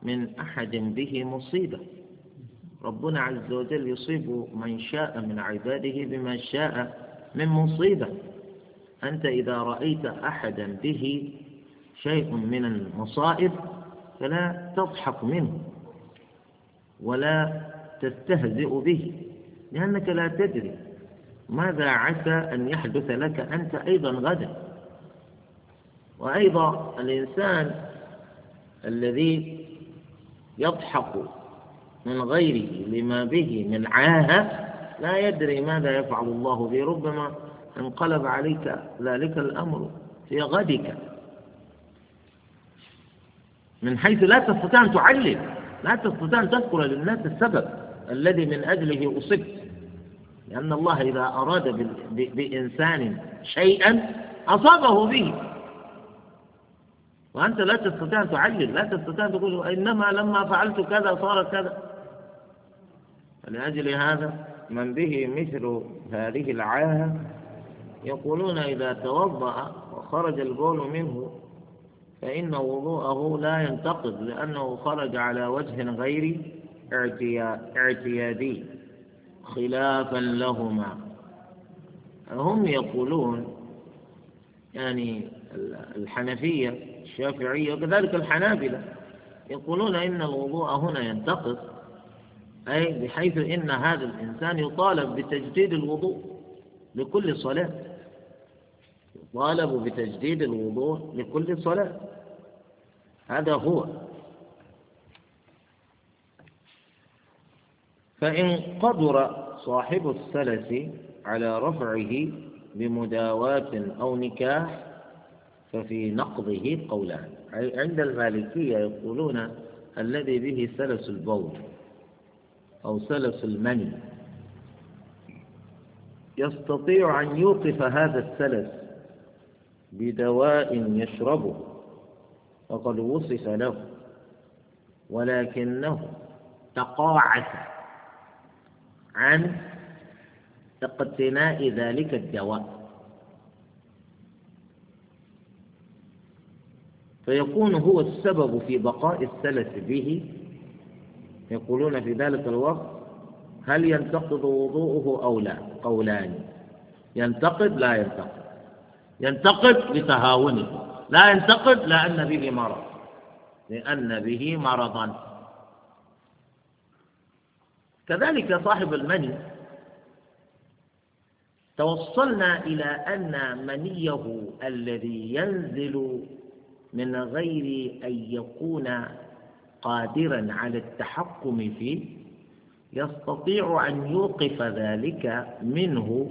من أحد به مصيبة ربنا عز وجل يصيب من شاء من عباده بما شاء من مصيبة أنت إذا رأيت أحدا به شيء من المصائب فلا تضحك منه ولا تستهزئ به لأنك لا تدري ماذا عسى أن يحدث لك أنت أيضا غدا وأيضا الإنسان الذي يضحك من غيره لما به من عاهة لا يدري ماذا يفعل الله به ربما انقلب عليك ذلك الأمر في غدك من حيث لا تستطيع أن تعلم لا تستطيع أن تذكر للناس السبب الذي من أجله أصبت لأن الله إذا أراد بإنسان شيئا أصابه به وأنت لا تستطيع أن تعلل لا تستطيع أن تقول إنما لما فعلت كذا صار كذا ولأجل هذا من به مثل هذه العاهة يقولون إذا توضأ وخرج البول منه فإن وضوءه لا ينتقض لأنه خرج على وجه غير اعتيادي خلافا لهما هم يقولون يعني الحنفية الشافعية وكذلك الحنابلة يقولون إن الوضوء هنا ينتقض أي بحيث إن هذا الإنسان يطالب بتجديد الوضوء لكل صلاة يطالب بتجديد الوضوء لكل صلاة هذا هو فإن قدر صاحب السلس على رفعه بمداواة أو نكاح ففي نقضه قولان عند المالكية يقولون الذي به سلس البول أو سلس المني يستطيع أن يوقف هذا السلس بدواء يشربه وقد وصف له ولكنه تقاعس عن اقتناء ذلك الدواء فيكون هو السبب في بقاء السلس به يقولون في ذلك الوقت هل ينتقض وضوءه أو لا قولان ينتقد لا ينتقد ينتقد لتهاونه لا ينتقد لأن به مرض لأن به مرضا كذلك صاحب المني توصلنا إلى أن منيه الذي ينزل من غير أن يكون قادرا على التحكم فيه يستطيع أن يوقف ذلك منه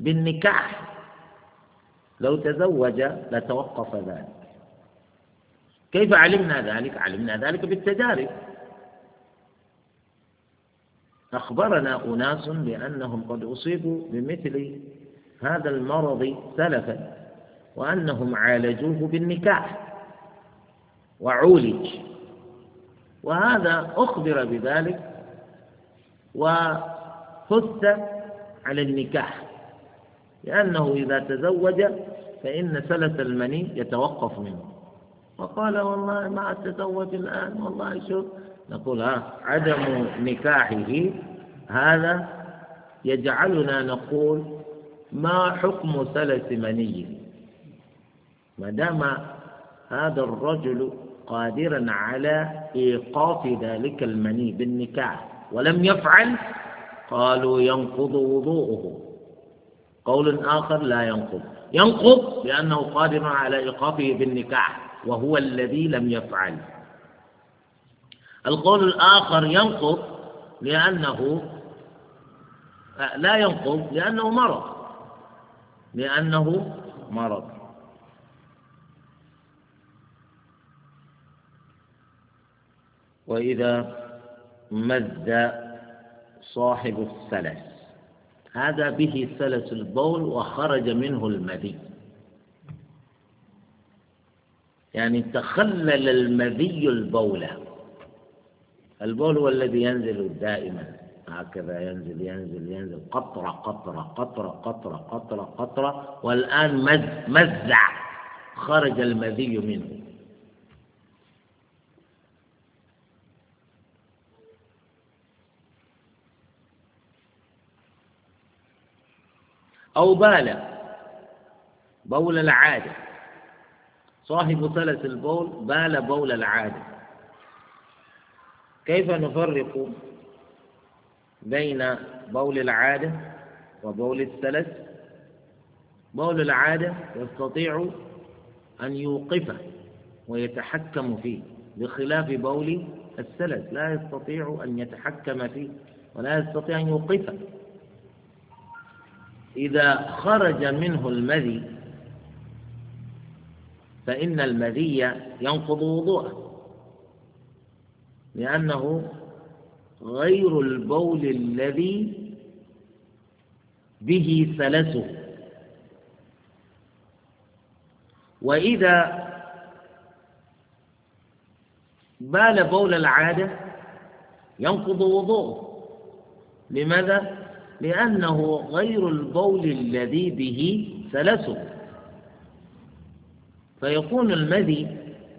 بالنكاح لو تزوج لتوقف ذلك كيف علمنا ذلك؟ علمنا ذلك بالتجارب أخبرنا أناس بأنهم قد أصيبوا بمثل هذا المرض سلفا وأنهم عالجوه بالنكاح وعولج وهذا أخبر بذلك وحث على النكاح لأنه إذا تزوج فإن سلس المني يتوقف منه فقال والله ما أتزوج الآن والله شوف نقول ها عدم نكاحه هذا يجعلنا نقول ما حكم سلس منيه ما دام هذا الرجل قادرا على إيقاف ذلك المني بالنكاح ولم يفعل قالوا ينقض وضوءه قول آخر لا ينقض ينقض لأنه قادر على إيقافه بالنكاح وهو الذي لم يفعل القول الآخر ينقض لأنه لا ينقض لأنه مرض لأنه مرض وإذا مد صاحب السلس هذا به سلس البول وخرج منه المذي يعني تخلل المذي البول البول هو الذي ينزل دائما هكذا ينزل ينزل ينزل قطرة قطرة قطرة قطرة قطرة قطرة والآن مز مزع خرج المذي منه أو بال بول العادة صاحب ثلث البول بال بول العادة كيف نفرق بين بول العادة وبول الثلث بول العادة يستطيع أن يوقفه ويتحكم فيه بخلاف بول الثلث لا يستطيع أن يتحكم فيه ولا يستطيع أن يوقفه إذا خرج منه المذي فإن المذي ينقض وضوءه لأنه غير البول الذي به سلسه وإذا بال بول العادة ينقض وضوءه لماذا؟ لأنه غير البول الذي به سلسه فيكون المذي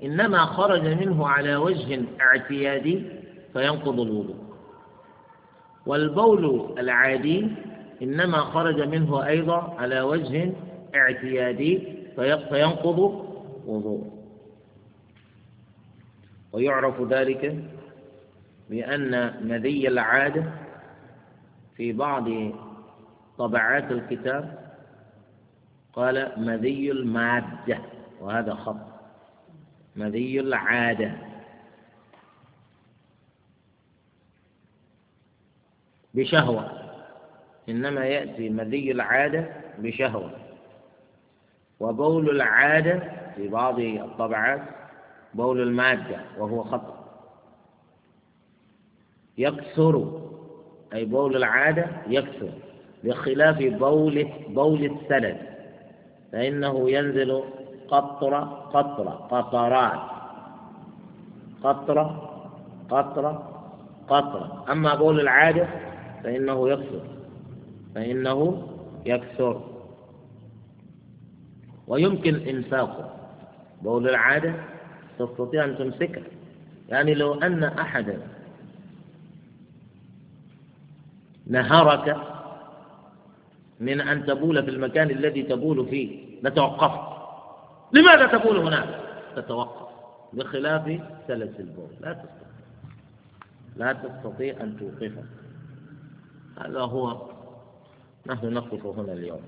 إنما خرج منه على وجه اعتيادي فينقض الوضوء والبول العادي إنما خرج منه أيضا على وجه اعتيادي فينقض وضوء ويعرف ذلك بأن مذي العادة في بعض طبعات الكتاب قال مذي المادة وهذا خط مذي العادة بشهوة إنما يأتي مذي العادة بشهوة وبول العادة في بعض الطبعات بول المادة وهو خطأ يكثر أي بول العادة يكثر بخلاف بول بول السند فإنه ينزل قطرة قطرة قطرات قطرة قطرة قطرة أما بول العادة فإنه يكثر فإنه يكثر ويمكن إنفاقه بول العادة تستطيع أن تمسكه يعني لو أن أحدا نهرك من أن تبول في المكان الذي تبول فيه لتوقفت لماذا تبول هناك تتوقف بخلاف سلس البول لا تستطيع لا تستطيع أن توقفه هذا هو نحن نقف هنا اليوم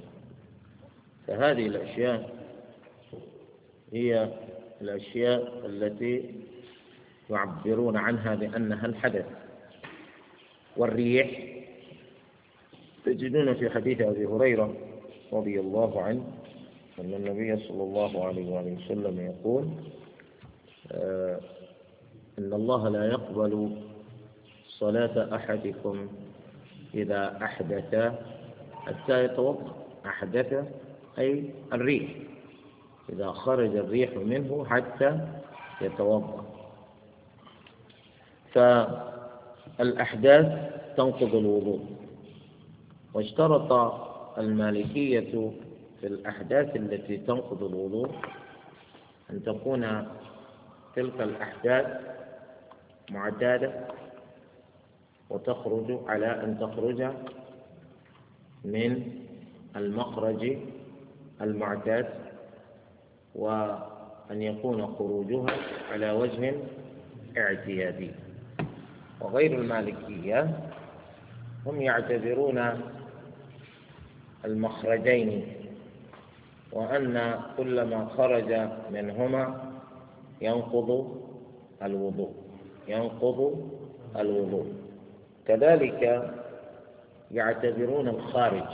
فهذه الأشياء هي الأشياء التي يعبرون عنها بأنها الحدث والريح تجدون في حديث أبي هريرة رضي الله عنه أن النبي صلى الله عليه وآله وسلم يقول آه، إن الله لا يقبل صلاة أحدكم إذا أحدث حتى يتوضأ أحدث أي الريح إذا خرج الريح منه حتى يتوضأ فالأحداث تنقض الوضوء واشترط المالكية في الأحداث التي تنقض الوضوء أن تكون تلك الأحداث معتادة وتخرج على أن تخرج من المخرج المعتاد وأن يكون خروجها على وجه اعتيادي وغير المالكية هم يعتبرون المخرجين وأن كل ما خرج منهما ينقض الوضوء ينقض الوضوء كذلك يعتبرون الخارج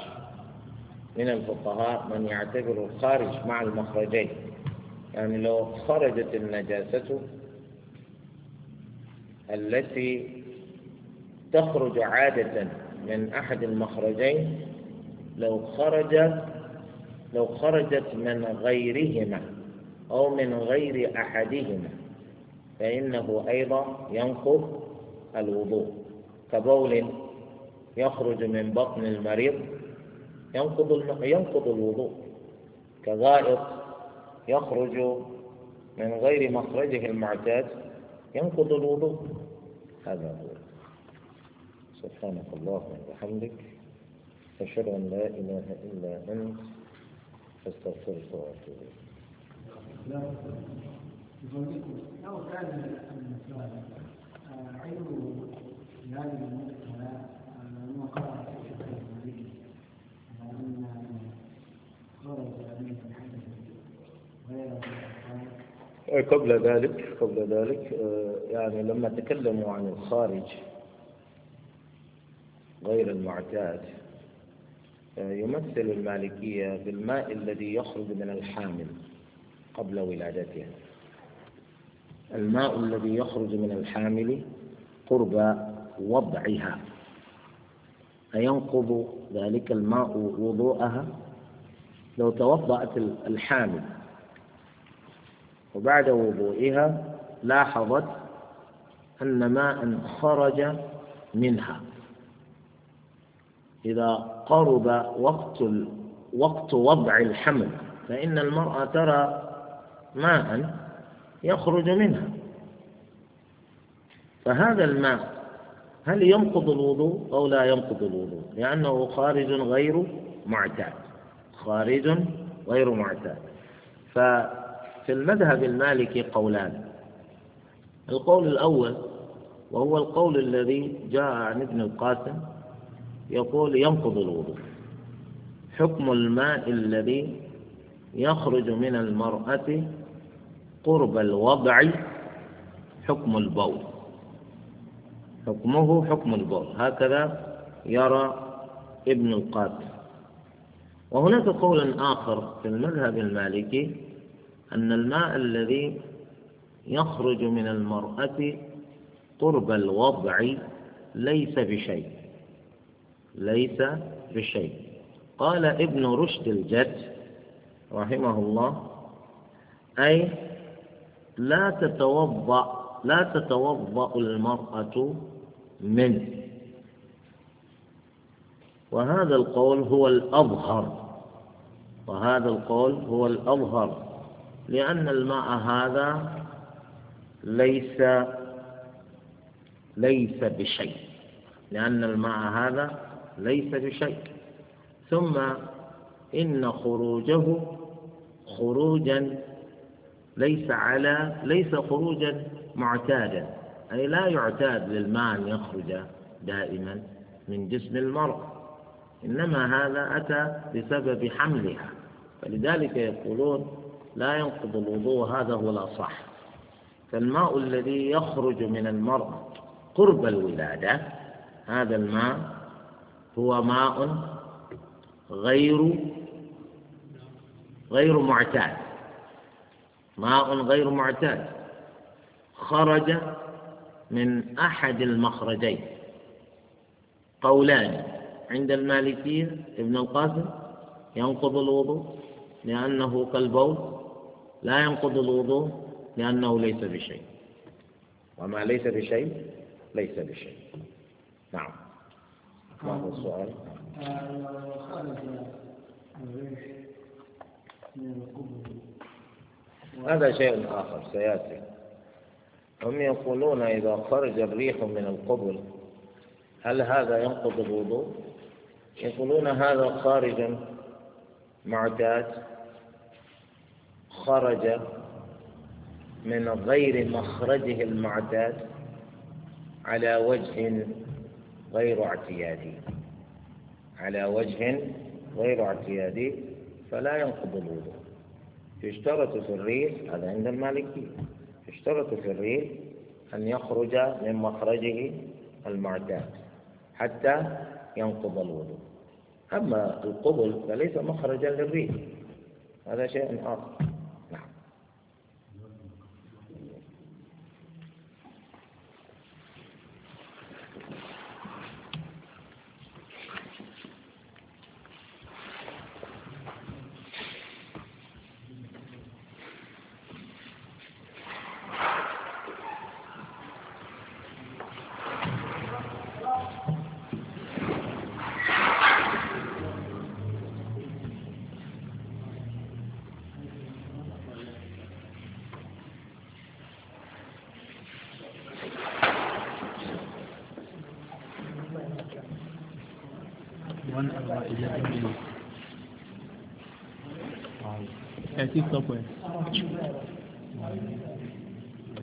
من الفقهاء من يعتبر الخارج مع المخرجين يعني لو خرجت النجاسة التي تخرج عادة من أحد المخرجين لو خرجت لو خرجت من غيرهما أو من غير أحدهما فإنه أيضا ينقض الوضوء كبول يخرج من بطن المريض ينقض ينقض الوضوء كغائط يخرج من غير مخرجه المعتاد ينقض الوضوء هذا هو سبحانك اللهم وبحمدك أشهد أن لا إله إلا أنت أستغفرك وأتوب إليك. قبل ذلك قبل ذلك آه، يعني لما تكلموا عن الخارج غير المعتاد يمثل المالكية بالماء الذي يخرج من الحامل قبل ولادتها الماء الذي يخرج من الحامل قرب وضعها أينقض ذلك الماء وضوءها لو توضأت الحامل وبعد وضوئها لاحظت أن ماء خرج منها إذا قرب وقت وقت وضع الحمل فإن المرأة ترى ماء يخرج منها فهذا الماء هل ينقض الوضوء أو لا ينقض الوضوء لأنه خارج غير معتاد خارج غير معتاد ففي المذهب المالكي قولان القول الأول وهو القول الذي جاء عن ابن القاسم يقول ينقض الوضوء حكم الماء الذي يخرج من المرأة قرب الوضع حكم البول حكمه حكم البول هكذا يرى ابن القاسم وهناك قول آخر في المذهب المالكي أن الماء الذي يخرج من المرأة قرب الوضع ليس بشيء ليس بشيء قال ابن رشد الجد رحمه الله أي لا تتوضأ لا تتوضأ المرأة منه وهذا القول هو الأظهر وهذا القول هو الأظهر لأن الماء هذا ليس ليس بشيء لأن الماء هذا ليس بشيء ثم إن خروجه خروجا ليس على ليس خروجا معتادا أي لا يعتاد للماء أن يخرج دائما من جسم المرأة إنما هذا أتى بسبب حملها فلذلك يقولون لا ينقض الوضوء هذا هو الأصح فالماء الذي يخرج من المرأة قرب الولادة هذا الماء هو ماء غير غير معتاد ماء غير معتاد خرج من أحد المخرجين قولان عند المالكية ابن القاسم ينقض الوضوء لأنه كالبول لا ينقض الوضوء لأنه ليس بشيء وما ليس بشيء ليس بشيء نعم ما أه، هو السؤال؟ هذا شيء آخر سيأتي هم يقولون إذا خرج الريح من القبر هل هذا ينقض الوضوء؟ يقولون هذا خارج معتاد خرج من غير مخرجه المعتاد على وجه غير اعتيادي على وجه غير اعتيادي فلا ينقض الوضوء يشترط في الريح هذا عند المالكية يشترط في الريح أن يخرج من مخرجه المعتاد حتى ينقض الوضوء أما القبل فليس مخرجا للريح هذا شيء آخر six of